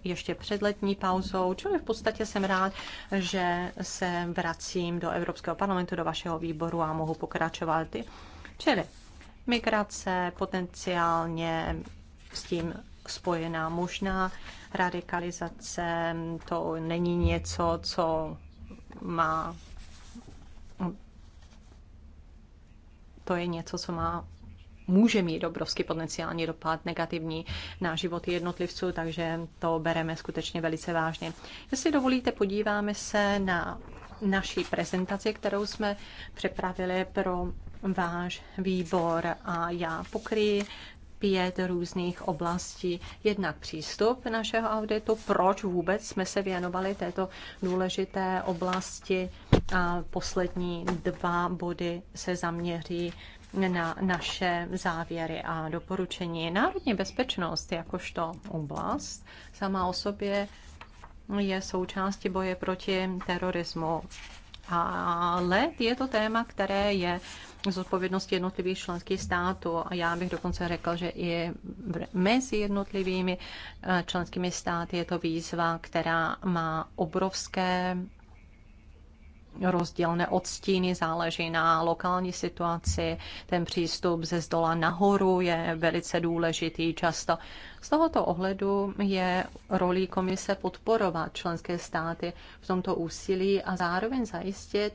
ještě před letní pauzou, čili v podstatě jsem rád, že se vracím do Evropského parlamentu, do vašeho výboru a mohu pokračovat. Ty, Čili migrace potenciálně s tím spojená možná radikalizace, to není něco, co má to je něco, co má může mít obrovský potenciální dopad negativní na životy jednotlivců, takže to bereme skutečně velice vážně. Jestli dovolíte, podíváme se na naší prezentaci, kterou jsme připravili pro váš výbor a já pokryji pět různých oblastí. Jednak přístup našeho auditu, proč vůbec jsme se věnovali této důležité oblasti. A poslední dva body se zaměří na naše závěry a doporučení. Národní bezpečnost jakožto oblast sama o sobě je součástí boje proti terorismu. Ale je to téma, které je z odpovědnosti jednotlivých členských států. A já bych dokonce řekl, že i mezi jednotlivými eh, členskými státy je to výzva, která má obrovské rozdílné odstíny, záleží na lokální situaci. Ten přístup ze zdola nahoru je velice důležitý často. Z tohoto ohledu je rolí komise podporovat členské státy v tomto úsilí a zároveň zajistit,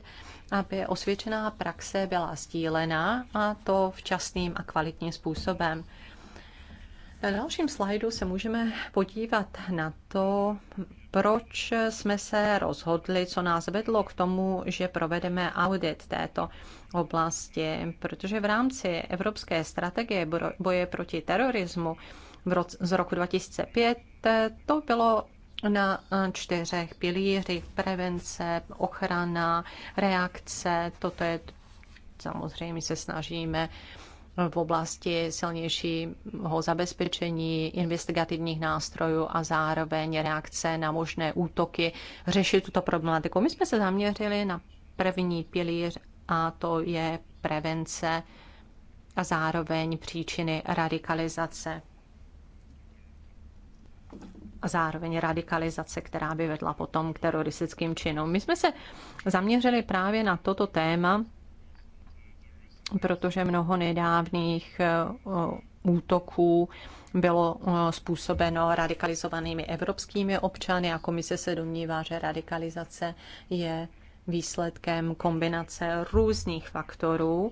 aby osvědčená praxe byla sdílená a to včasným a kvalitním způsobem. Na dalším slajdu se můžeme podívat na to, proč jsme se rozhodli, co nás vedlo k tomu, že provedeme audit této oblasti, protože v rámci Evropské strategie boje proti terorismu z roku 2005 to bylo na eh, čtyřech pilířích prevence, ochrana, reakce. Toto je samozřejmě se snažíme v oblasti silnějšího zabezpečení, investigativních nástrojů a zároveň reakce na možné útoky řešit tuto problematiku. My jsme se zaměřili na první pilíř a to je prevence a zároveň příčiny radikalizace. A zároveň radikalizace, která by vedla potom k teroristickým činům. My jsme se zaměřili právě na toto téma protože mnoho nedávných eh, eh, útoků bylo eh, způsobeno radikalizovanými evropskými občany a komise se domnívá, že radikalizace je výsledkem kombinace různých faktorů,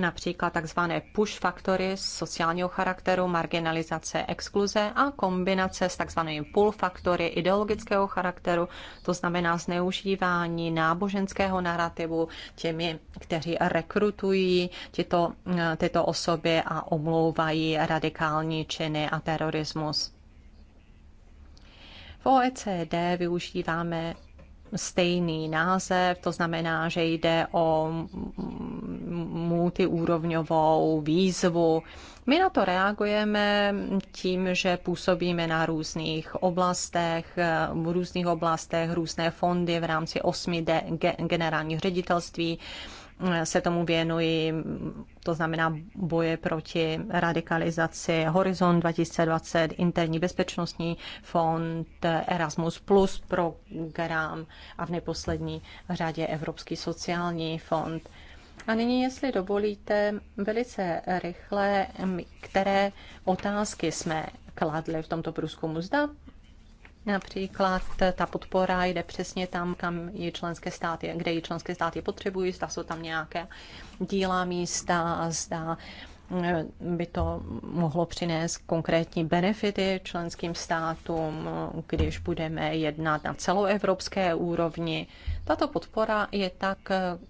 například tzv. push faktory sociálního charakteru, marginalizace, exkluze a kombinace s tzv. pull faktory ideologického charakteru, to znamená zneužívání náboženského narrativu těmi, kteří rekrutují tyto, tyto osoby a omlouvají radikální činy a terorismus. V OECD využíváme stejný název, to znamená, že jde o multiúrovňovou výzvu. My na to reagujeme tím, že působíme na různých oblastech, v různých oblastech různé fondy v rámci osmi generálních ředitelství se tomu věnuji, to znamená boje proti radikalizaci, Horizon 2020, interní bezpečnostní fond, Erasmus Plus program a v neposlední řadě Evropský sociální fond. A nyní, jestli dovolíte, velice rychle, které otázky jsme kladli v tomto průzkumu. Zda Například ta podpora jde přesně tam, kam ji členské státy, kde ji členské státy potřebují, zda jsou tam nějaké díla místa, zda mm, by to mohlo přinést konkrétní benefity členským státům, když budeme jednat na celoevropské úrovni. Tato podpora je tak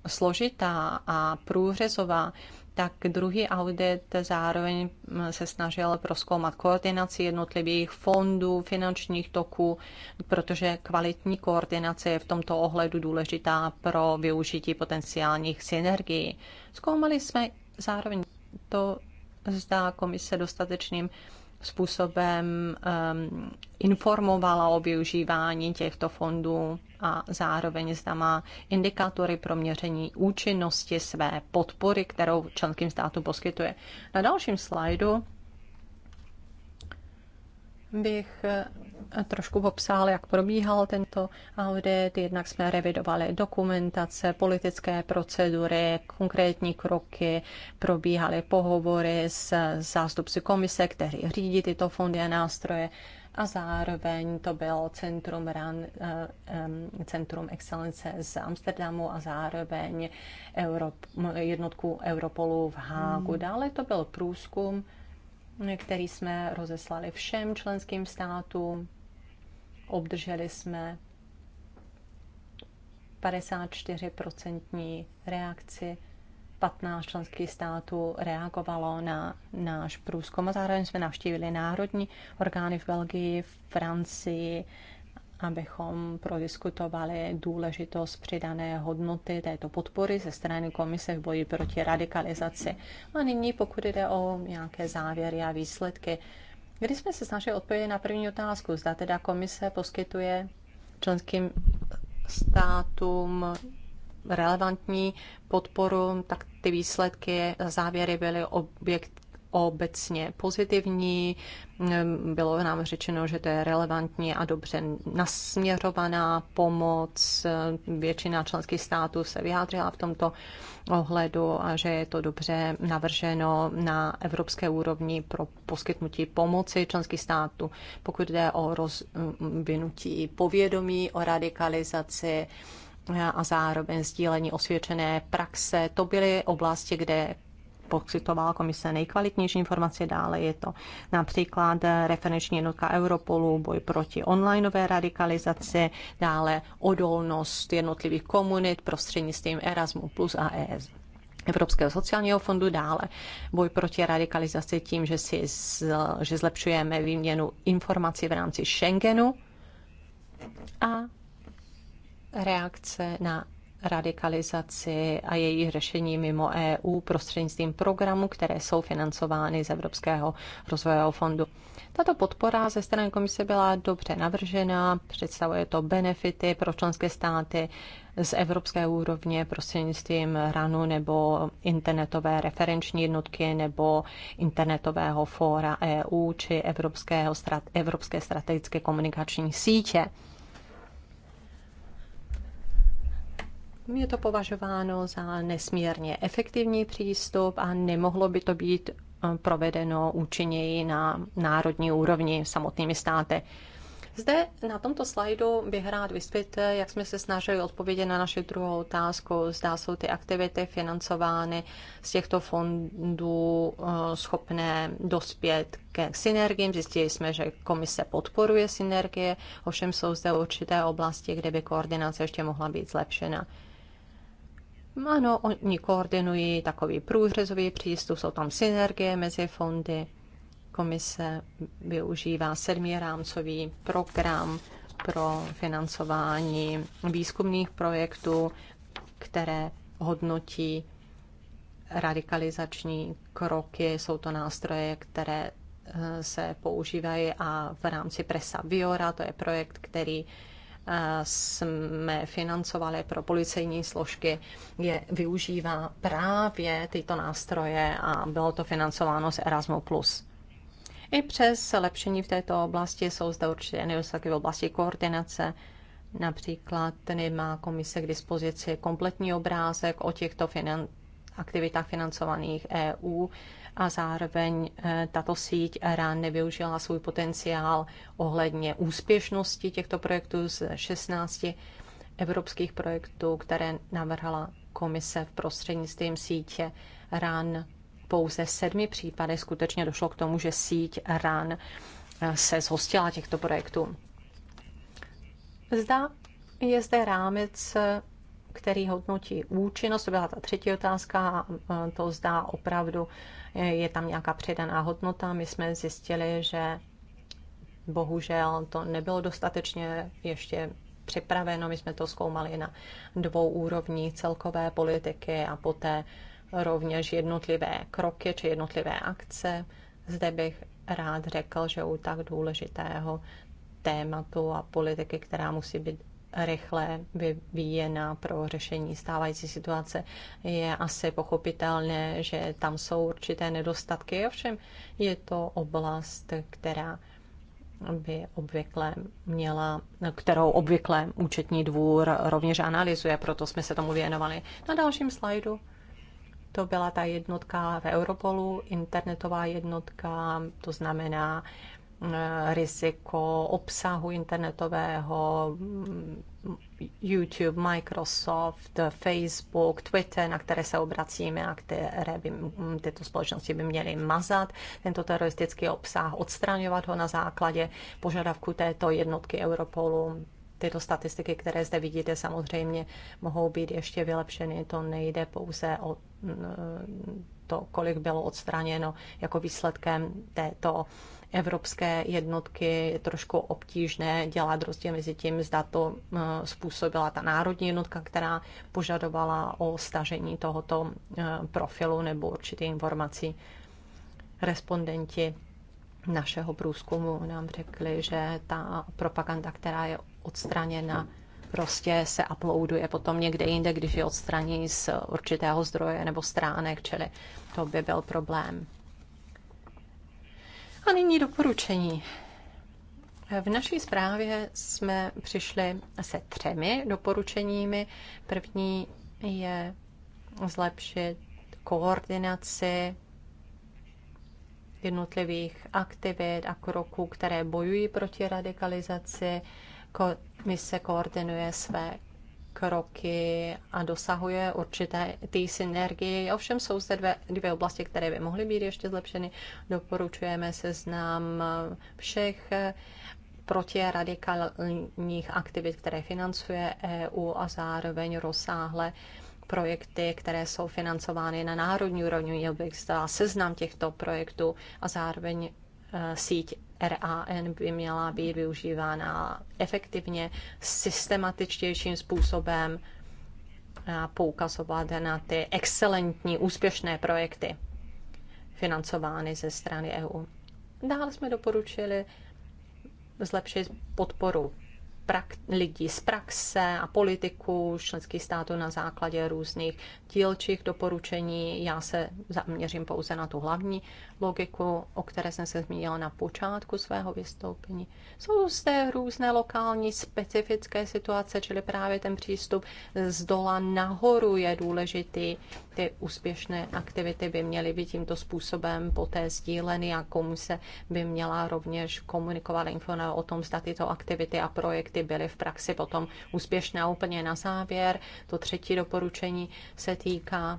složitá a průřezová, tak druhý audit zároveň mm, se snažil proskoumat koordinaci jednotlivých fondů, finančních toků, protože kvalitní koordinace je v tomto ohledu důležitá pro využití potenciálních synergií. Zkoumali jsme zároveň to, zda komise dostatečným způsobem um, informovala o využívání těchto fondů a zároveň zda má indikátory pro měření účinnosti své podpory, kterou členským státům poskytuje. Na dalším slajdu bych eh, trošku popsal, jak probíhal tento audit. Jednak jsme revidovali dokumentace, politické procedury, konkrétní kroky, probíhaly pohovory s zástupci komise, který řídí tyto fondy a nástroje a zároveň to byl Centrum, RAN, eh, Centrum excellence z Amsterdamu a zároveň Europ, jednotku Europolu v Hágu. Hmm. Dále to byl průzkum který jsme rozeslali všem členským státům. Obdrželi jsme 54% reakci 15 členských států reagovalo na náš průzkum a zároveň jsme navštívili národní orgány v Belgii, v Francii, abychom prodiskutovali důležitost přidané hodnoty této podpory ze strany komise v boji proti radikalizaci. A nyní, pokud jde o nějaké závěry a výsledky, když jsme se snažili odpovědět na první otázku, zda teda komise poskytuje členským státům relevantní podporu, tak ty výsledky závěry byly objekt, obecně pozitivní. Bylo nám řečeno, že to je relevantní a dobře nasměrovaná pomoc. Většina členských států se vyjádřila v tomto ohledu a že je to dobře navrženo na evropské úrovni pro poskytnutí pomoci členských států, pokud jde o rozvinutí povědomí o radikalizaci a zároveň sdílení osvědčené praxe. To byly oblasti, kde poskytovala komise nejkvalitnější informace. Dále je to například referenční jednotka Europolu, boj proti onlineové radikalizaci, dále odolnost jednotlivých komunit prostřednictvím Erasmus Plus a ES. Evropského sociálního fondu dále. Boj proti radikalizaci tím, že, si z, že zlepšujeme výměnu informací v rámci Schengenu a reakce na radikalizaci a jejich řešení mimo EU prostřednictvím programů, které jsou financovány z Evropského rozvojového fondu. Tato podpora ze strany komise byla dobře navržena, představuje to benefity pro členské státy z evropské úrovně prostřednictvím RANu nebo internetové referenční jednotky nebo internetového fóra EU či Evropského, Evropské strategické komunikační sítě. Je to považováno za nesmírně efektivní přístup a nemohlo by to být eh, provedeno účinněji na národní úrovni samotnými státy. Zde na tomto slajdu bych rád vysvětlil, eh, jak jsme se snažili odpovědět na naši druhou otázku. Zdá jsou ty aktivity financovány z těchto fondů eh, schopné dospět ke synergiím. Zjistili jsme, že komise podporuje synergie, ovšem jsou zde určité oblasti, kde by koordinace ještě mohla být zlepšena. Ano, oni koordinují takový průřezový přístup, jsou tam synergie mezi fondy. Komise využívá sedmý rámcový program pro financování výzkumných projektů, které hodnotí radikalizační kroky. Jsou to nástroje, které eh, se používají a v rámci Presa Viora, to je projekt, který jsme financovali pro policejní složky, je využívá právě tyto nástroje a bylo to financováno z Erasmu+. I přes lepšení v této oblasti jsou zde určitě nedostatky v oblasti koordinace, Například má komise k dispozici kompletní obrázek o těchto finan- aktivitách financovaných EU a zároveň eh, tato síť RAN nevyužila svůj potenciál ohledně úspěšnosti těchto projektů z 16 evropských projektů, které navrhla komise v prostřednictvím sítě RAN. Pouze sedmi případech skutečně došlo k tomu, že síť RAN eh, se zhostila těchto projektů. Zda je zde rámec, který hodnotí účinnost, to byla ta třetí otázka, eh, to zdá opravdu je tam nějaká přidaná hodnota. My jsme zjistili, že bohužel to nebylo dostatečně ještě připraveno. My jsme to zkoumali na dvou úrovní celkové politiky a poté rovněž jednotlivé kroky či jednotlivé akce. Zde bych rád řekl, že u tak důležitého tématu a politiky, která musí být rychle vyvíjena pro řešení stávající situace. Je asi pochopitelné, že tam jsou určité nedostatky, ovšem je to oblast, která by obvykle měla, kterou obvykle účetní dvůr rovněž analyzuje, proto jsme se tomu věnovali. Na dalším slajdu to byla ta jednotka v Europolu, internetová jednotka, to znamená Eh, riziko obsahu internetového, mm, YouTube, Microsoft, Facebook, Twitter, na které se obracíme a které by, mm, tyto společnosti by měly mazat tento teroristický obsah, odstraňovat ho na základě požadavku této jednotky Europolu. Tyto statistiky, které zde vidíte, samozřejmě mohou být ještě vylepšeny. To nejde pouze o mm, to, kolik bylo odstraněno jako výsledkem této evropské jednotky je trošku obtížné dělat rozdíl mezi tím, zda to eh, způsobila ta národní jednotka, která požadovala o stažení tohoto eh, profilu nebo určitý informací. Respondenti našeho průzkumu nám řekli, že ta propaganda, která je odstraněna, prostě se uploaduje potom někde jinde, když je odstraní z určitého zdroje nebo stránek, čili to by byl problém. A nyní doporučení. V naší zprávě jsme přišli se třemi doporučeními. První je zlepšit koordinaci jednotlivých aktivit a kroků, které bojují proti radikalizaci. Komise koordinuje své kroky a dosahuje určité ty synergie. Ovšem jsou zde dvě, dvě oblasti, které by mohly být ještě zlepšeny. Doporučujeme seznam všech protiradikálních aktivit, které financuje EU a zároveň rozsáhle projekty, které jsou financovány na národní úrovni, měl bych seznam těchto projektů a zároveň e, síť RAN by měla být využívána efektivně, systematičtějším způsobem a poukazovat na ty excelentní, úspěšné projekty financovány ze strany EU. Dále jsme doporučili zlepšit podporu lidí z praxe a politiku členských států na základě různých dílčích doporučení. Já se zaměřím pouze na tu hlavní logiku, o které jsem se zmínila na počátku svého vystoupení. Jsou zde různé lokální specifické situace, čili právě ten přístup z dola nahoru je důležitý. Ty úspěšné aktivity by měly být tímto způsobem poté sdíleny a se by měla rovněž komunikovat informace o tom, zda tyto aktivity a projekty byly v praxi potom úspěšné. A úplně na závěr to třetí doporučení se týká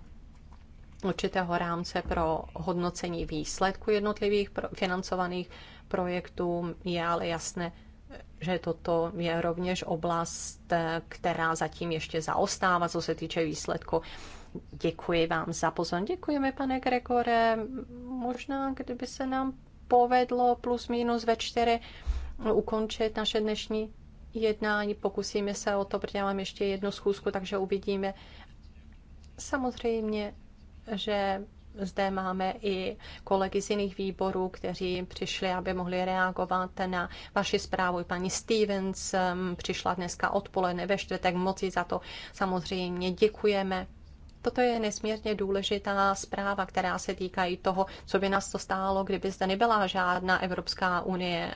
určitého rámce pro hodnocení výsledku jednotlivých financovaných projektů. Je ale jasné, že toto je rovněž oblast, eh, která zatím ještě zaostává, co se týče výsledku. Děkuji vám za pozornost. Děkujeme, pane Gregore. Možná, kdyby se nám povedlo plus minus ve čtyři ukončit naše dnešní jednání. Pokusíme se o to, protože já mám ještě jednu schůzku, takže uvidíme. Samozřejmě že zde máme i kolegy z jiných výborů, kteří přišli, aby mohli reagovat na vaši zprávu. Paní Stevens mm, přišla dneska odpoledne ve čtvrtek Moc za to. Samozřejmě děkujeme. Toto je nesmírně důležitá zpráva, která se týká i toho, co by nás to stálo, kdyby zde nebyla žádná Evropská unie.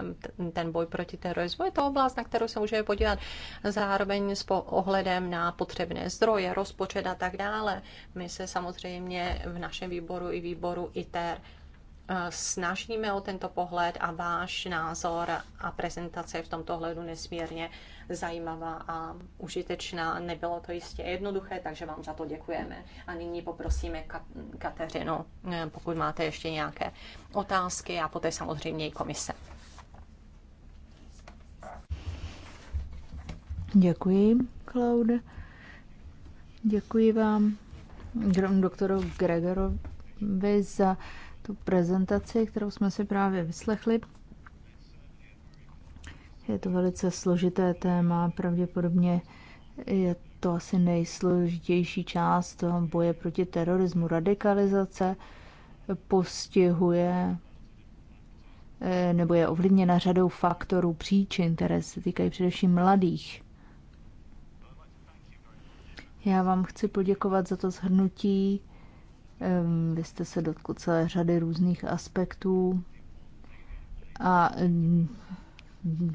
Ten boj proti terorismu je to oblast, na kterou se můžeme podívat zároveň s ohledem na potřebné zdroje, rozpočet a tak dále. My se samozřejmě v našem výboru i výboru ITER eh, snažíme o tento pohled a váš názor a prezentace je v tomto hledu nesmírně zajímavá a užitečná. Nebylo to jistě jednoduché, takže vám za to děkujeme. A nyní poprosíme Kateřinu, eh, pokud máte ještě nějaké otázky a poté samozřejmě i komise. Děkuji, Claude. Děkuji vám, doktoru Gregorovi, za tu prezentaci, kterou jsme si právě vyslechli. Je to velice složité téma, pravděpodobně je to asi nejsložitější část toho boje proti terorismu. Radikalizace postihuje eh, nebo je ovlivněna řadou faktorů, příčin, které se týkají především mladých. Já vám chci poděkovat za to shrnutí. Ehm, vy jste se dotkl celé řady různých aspektů a mm,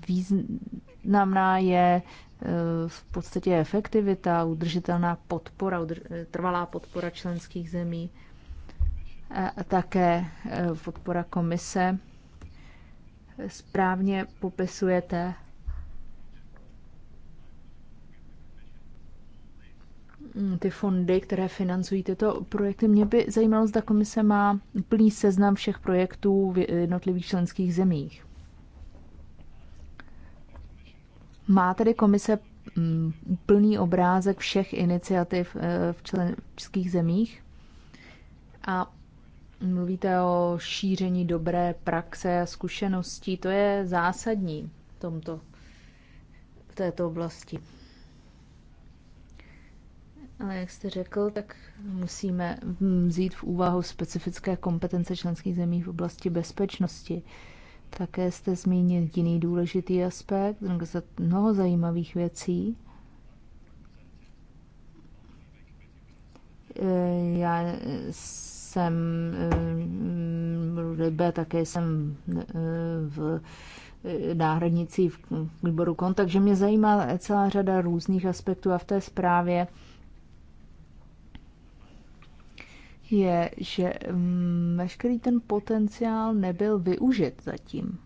významná je e, v podstatě efektivita, udržitelná podpora, e, trvalá podpora členských zemí, a také e, podpora komise. Správně popisujete mm, ty fondy, které financují tyto projekty. Mě by zajímalo, zda komise má plný seznam všech projektů v jednotlivých členských zemích. Má tedy komise mm, plný obrázek všech iniciativ eh, v členských zemích? A mluvíte o šíření dobré praxe a zkušeností. To je zásadní v, tomto, v této oblasti. Ale jak jste řekl, tak musíme vzít v úvahu specifické kompetence členských zemí v oblasti bezpečnosti. Uh, také jste zmínil jiný důležitý aspekt, mnoho zajímavých věcí. Já jsem rybe, také jsem v náhradnicí v výboru kon, takže mě zajímá celá řada různých aspektů a v té zprávě je, že mm, veškerý ten potenciál nebyl využit zatím.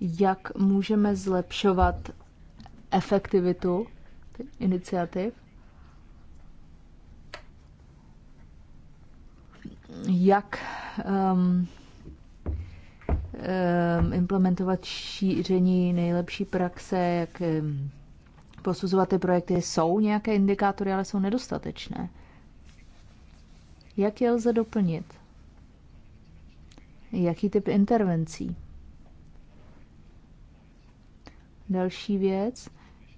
Jak můžeme zlepšovat efektivitu iniciativ? Jak um, um, implementovat šíření nejlepší praxe, jak um, posuzovat ty projekty. Jsou nějaké indikátory, ale jsou nedostatečné. Jak je lze doplnit? Jaký typ intervencí? Další věc.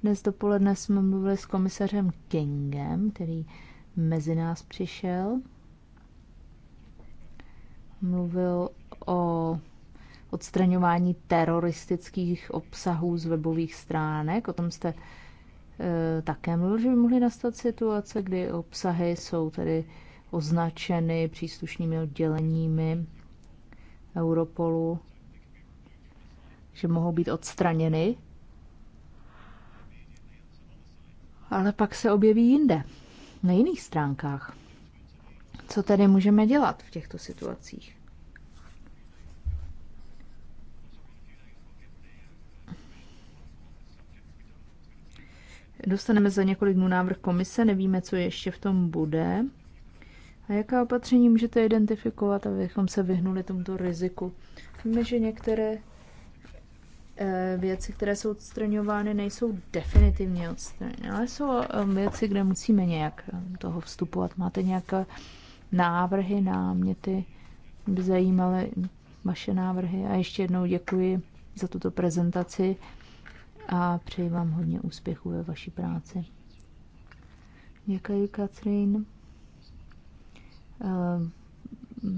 Dnes dopoledne jsme mluvili s komisařem Kingem, který mezi nás přišel. Mluvil o odstraňování teroristických obsahů z webových stránek. O tom jste Eh, také mluvil, že by mohly nastat situace, kdy obsahy jsou tedy označeny příslušnými odděleními Europolu, že mohou být odstraněny, ale pak se objeví jinde, na jiných stránkách. Co tedy můžeme dělat v těchto situacích? Dostaneme za několik dnů návrh komise, nevíme, co ještě v tom bude. A jaká opatření můžete identifikovat, abychom se vyhnuli tomuto riziku? Víme, že některé eh, věci, které jsou odstraňovány, nejsou definitivně odstraněny, ale jsou eh, věci, kde musíme nějak eh, toho vstupovat. Máte nějaké návrhy, náměty? By zajímaly vaše návrhy. A ještě jednou děkuji za tuto prezentaci a přeji vám hodně úspěchů ve vaší práci. Děkuji, Katrin. Jsem eh,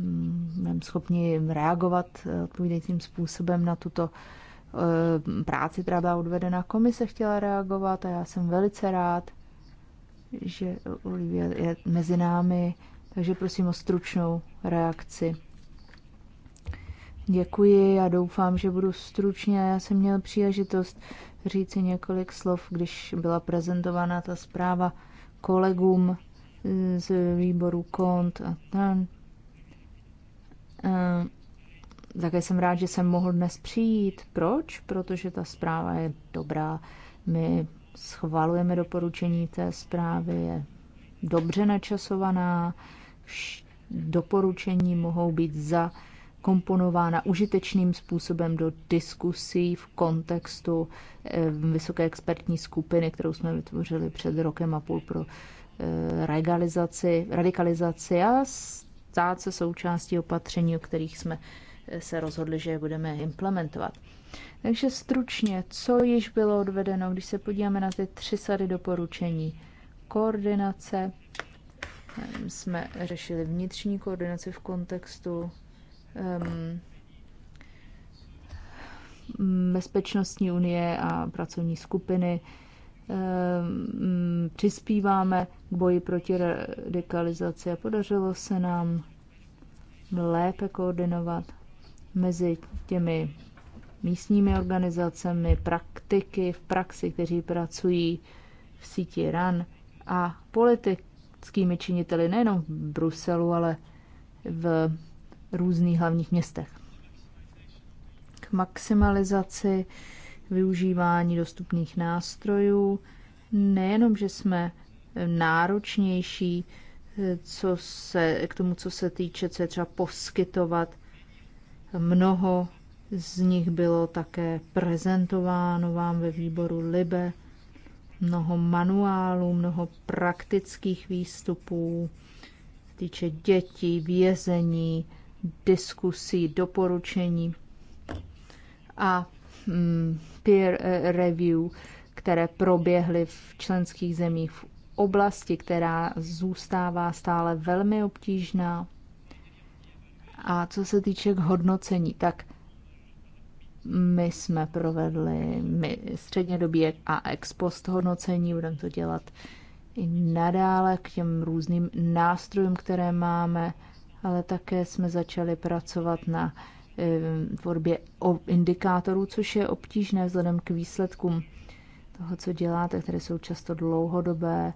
mm, schopni reagovat eh, odpovídajícím způsobem na tuto eh, práci, která byla odvedena. Komise chtěla reagovat a já jsem velice rád, že Olivia je mezi námi, takže prosím o stručnou reakci. Děkuji a doufám, že budu stručně. Já jsem měl příležitost říci několik slov, když byla prezentována ta zpráva kolegům eh, z výboru KONT a ten. Eh, také jsem rád, že jsem mohl dnes přijít. Proč? Protože ta zpráva je dobrá. My schvalujeme doporučení té zprávy, je dobře načasovaná, doporučení mohou být za komponována užitečným způsobem do diskusí v kontextu eh, vysoké expertní skupiny, kterou jsme vytvořili před rokem a půl pro eh, regalizaci, radikalizaci a stát se součástí opatření, o kterých jsme eh, se rozhodli, že je budeme implementovat. Takže stručně, co již bylo odvedeno, když se podíváme na ty tři sady doporučení. Koordinace, jsme řešili vnitřní koordinaci v kontextu um, bezpečnostní unie a pracovní skupiny. Um, přispíváme k boji proti radikalizaci a podařilo se nám lépe koordinovat mezi těmi místními organizacemi, praktiky v praxi, kteří pracují v síti RAN a politickými činiteli nejenom v Bruselu, ale v různých hlavních městech. K maximalizaci využívání dostupných nástrojů, nejenom, že jsme náročnější co se, k tomu, co se týče, co je třeba poskytovat, mnoho z nich bylo také prezentováno vám ve výboru Libe, mnoho manuálů, mnoho praktických výstupů, týče dětí, vězení, diskusí, doporučení a mm, peer eh, review, které proběhly v členských zemích v oblasti, která zůstává stále velmi obtížná. A co se týče k hodnocení, tak my jsme provedli my střednědobí a ex post hodnocení, budeme to dělat i nadále k těm různým nástrojům, které máme ale také jsme začali pracovat na eh, tvorbě indikátorů, což je obtížné vzhledem k výsledkům toho, co děláte, které jsou často dlouhodobé,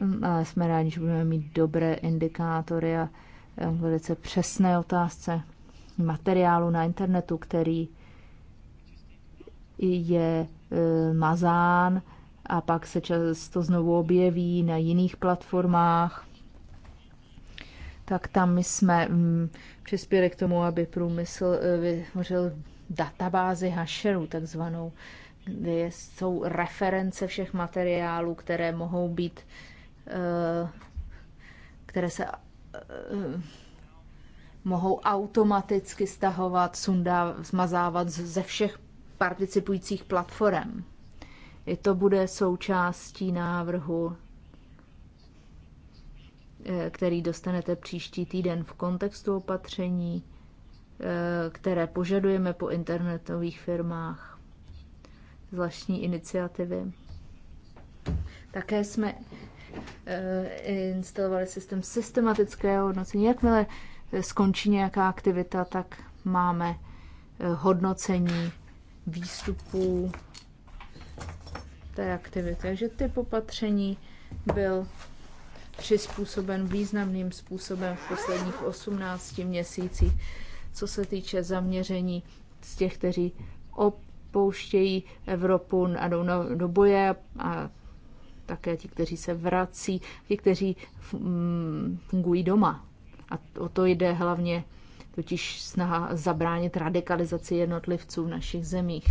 mm, ale jsme rádi, že budeme mít dobré indikátory a eh, velice přesné otázce materiálu na internetu, který je eh, mazán a pak se často znovu objeví na jiných platformách tak tam my jsme mm, přispěli k tomu, aby průmysl eh, vytvořil databázi hasherů, takzvanou, kde jsou reference všech materiálů, které mohou být, eh, které se eh, mohou automaticky stahovat, sundávat, zmazávat ze všech participujících platform. I to bude součástí návrhu Eh, který dostanete příští týden v kontextu opatření, eh, které požadujeme po internetových firmách, zvláštní iniciativy. Také jsme eh, instalovali systém systematického hodnocení. Jakmile skončí nějaká aktivita, tak máme hodnocení výstupů té aktivity. Takže typ opatření byl přizpůsoben významným způsobem v posledních 18 měsících, co se týče zaměření z těch, kteří opouštějí Evropu a jdou do boje a také ti, kteří se vrací, ti, kteří mm, fungují doma. A o to jde hlavně totiž snaha zabránit radikalizaci jednotlivců v našich zemích,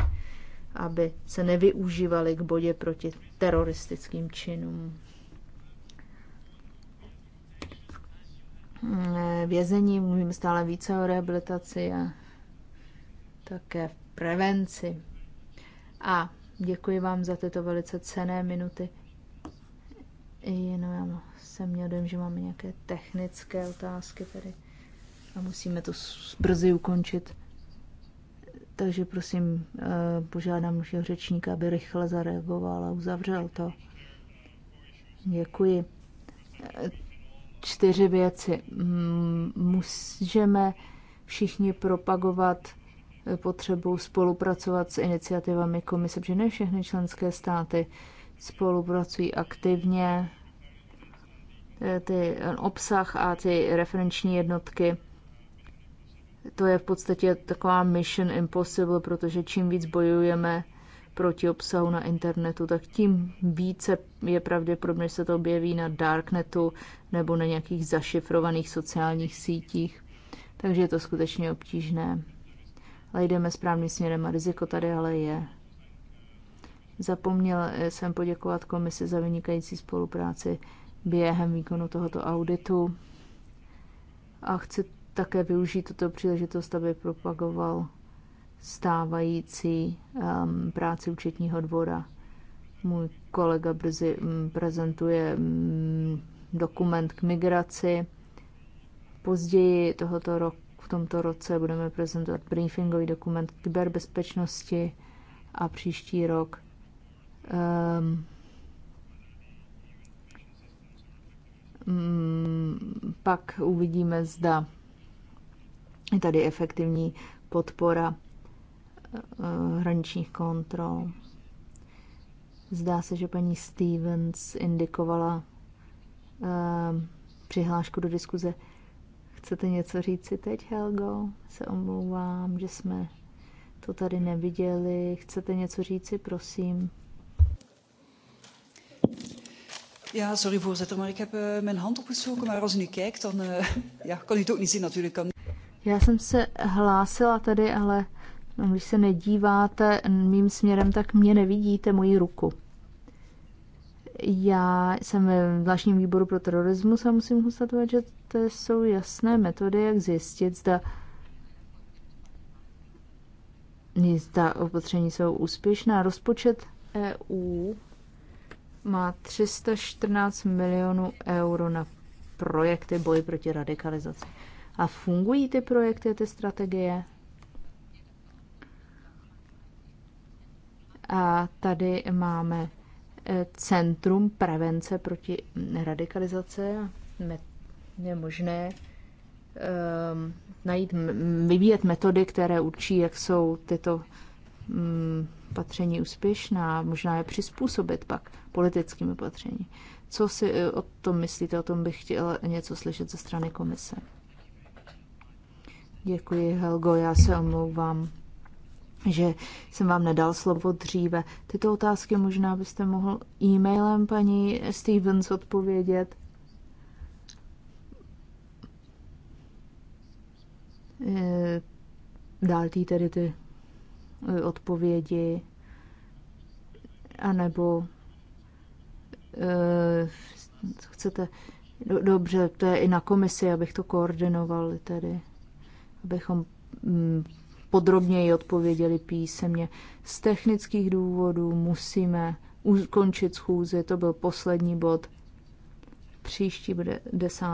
aby se nevyužívali k bodě proti teroristickým činům. Eh, vězení, mluvím stále více o rehabilitaci a také prevenci. A děkuji vám za tyto velice cené minuty. Jenom já jsem měl dojem, že máme nějaké technické otázky tady a musíme to brzy ukončit. Takže prosím, eh, požádám našeho řečníka, aby rychle zareagoval a uzavřel to. Děkuji čtyři věci. Mm, můžeme všichni propagovat potřebu spolupracovat s iniciativami komise, protože ne všechny členské státy spolupracují aktivně. E, ty obsah a ty referenční jednotky, to je v podstatě taková mission impossible, protože čím víc bojujeme, proti obsahu na internetu, tak tím více je pravděpodobně, že se to objeví na darknetu nebo na nějakých zašifrovaných sociálních sítích. Takže je to skutečně obtížné. Ale jdeme správným směrem a riziko tady ale je. Zapomněl jsem poděkovat komisi za vynikající spolupráci během výkonu tohoto auditu a chci také využít tuto příležitost, aby propagoval stávající um, práci účetního dvora. Můj kolega brzy um, prezentuje um, dokument k migraci. Později tohoto rok v tomto roce budeme prezentovat briefingový dokument k kyberbezpečnosti a příští rok um, mm, pak uvidíme, zda je tady efektivní podpora Eh, hraničních kontrol. Zdá se, že paní Stevens indikovala uh, přihlášku do diskuze. Chcete něco říct si teď, Helgo? Se omlouvám, že jsme to tady neviděli. Chcete něco říct si, prosím? Ja, sorry voorzitter, maar ik heb uh, mijn hand opgestoken, maar als u nu kijkt, dan uh, [LAUGHS] ja, kan u het ook niet zien natuurlijk. Kan... Ja, jsem se hlásila tady, ale No, když se nedíváte mým směrem, tak mě nevidíte moji ruku. Já jsem ve zvláštním výboru pro terorismus a musím konstatovat, že to jsou jasné metody, jak zjistit, zda zda opatření jsou úspěšná. Rozpočet EU má 314 milionů euro na projekty boji proti radikalizaci. A fungují ty projekty, ty strategie? A tady máme eh, Centrum prevence proti radikalizace. Je možné um, najít, vyvíjet metody, které určí, jak jsou tyto um, mm, patření úspěšná, možná je přizpůsobit pak politickým opatření. Co si eh, o tom myslíte? O tom bych chtěla něco slyšet ze strany komise. Děkuji, Helgo, já se omlouvám že jsem vám nedal slovo dříve. Tyto otázky možná byste mohl e-mailem paní Stevens odpovědět. Eh, dál tý tedy ty eh, odpovědi, nebo co eh, chcete. Dobře, to je i na komisi, abych to koordinovali tedy, abychom mm, podrobněji odpověděli písemně. Z technických důvodů musíme ukončit schůzi, to byl poslední bod. Příští bude 10.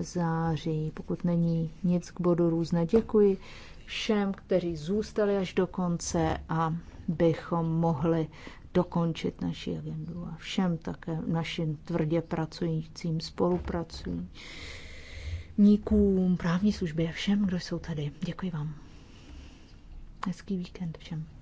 září, pokud není nic k bodu různé. Děkuji všem, kteří zůstali až do konce a bychom mohli dokončit naši agendu a všem také našim tvrdě pracujícím spolupracujícím právníkům, právní službě, všem, kdo jsou tady. Děkuji vám. Hezký víkend všem.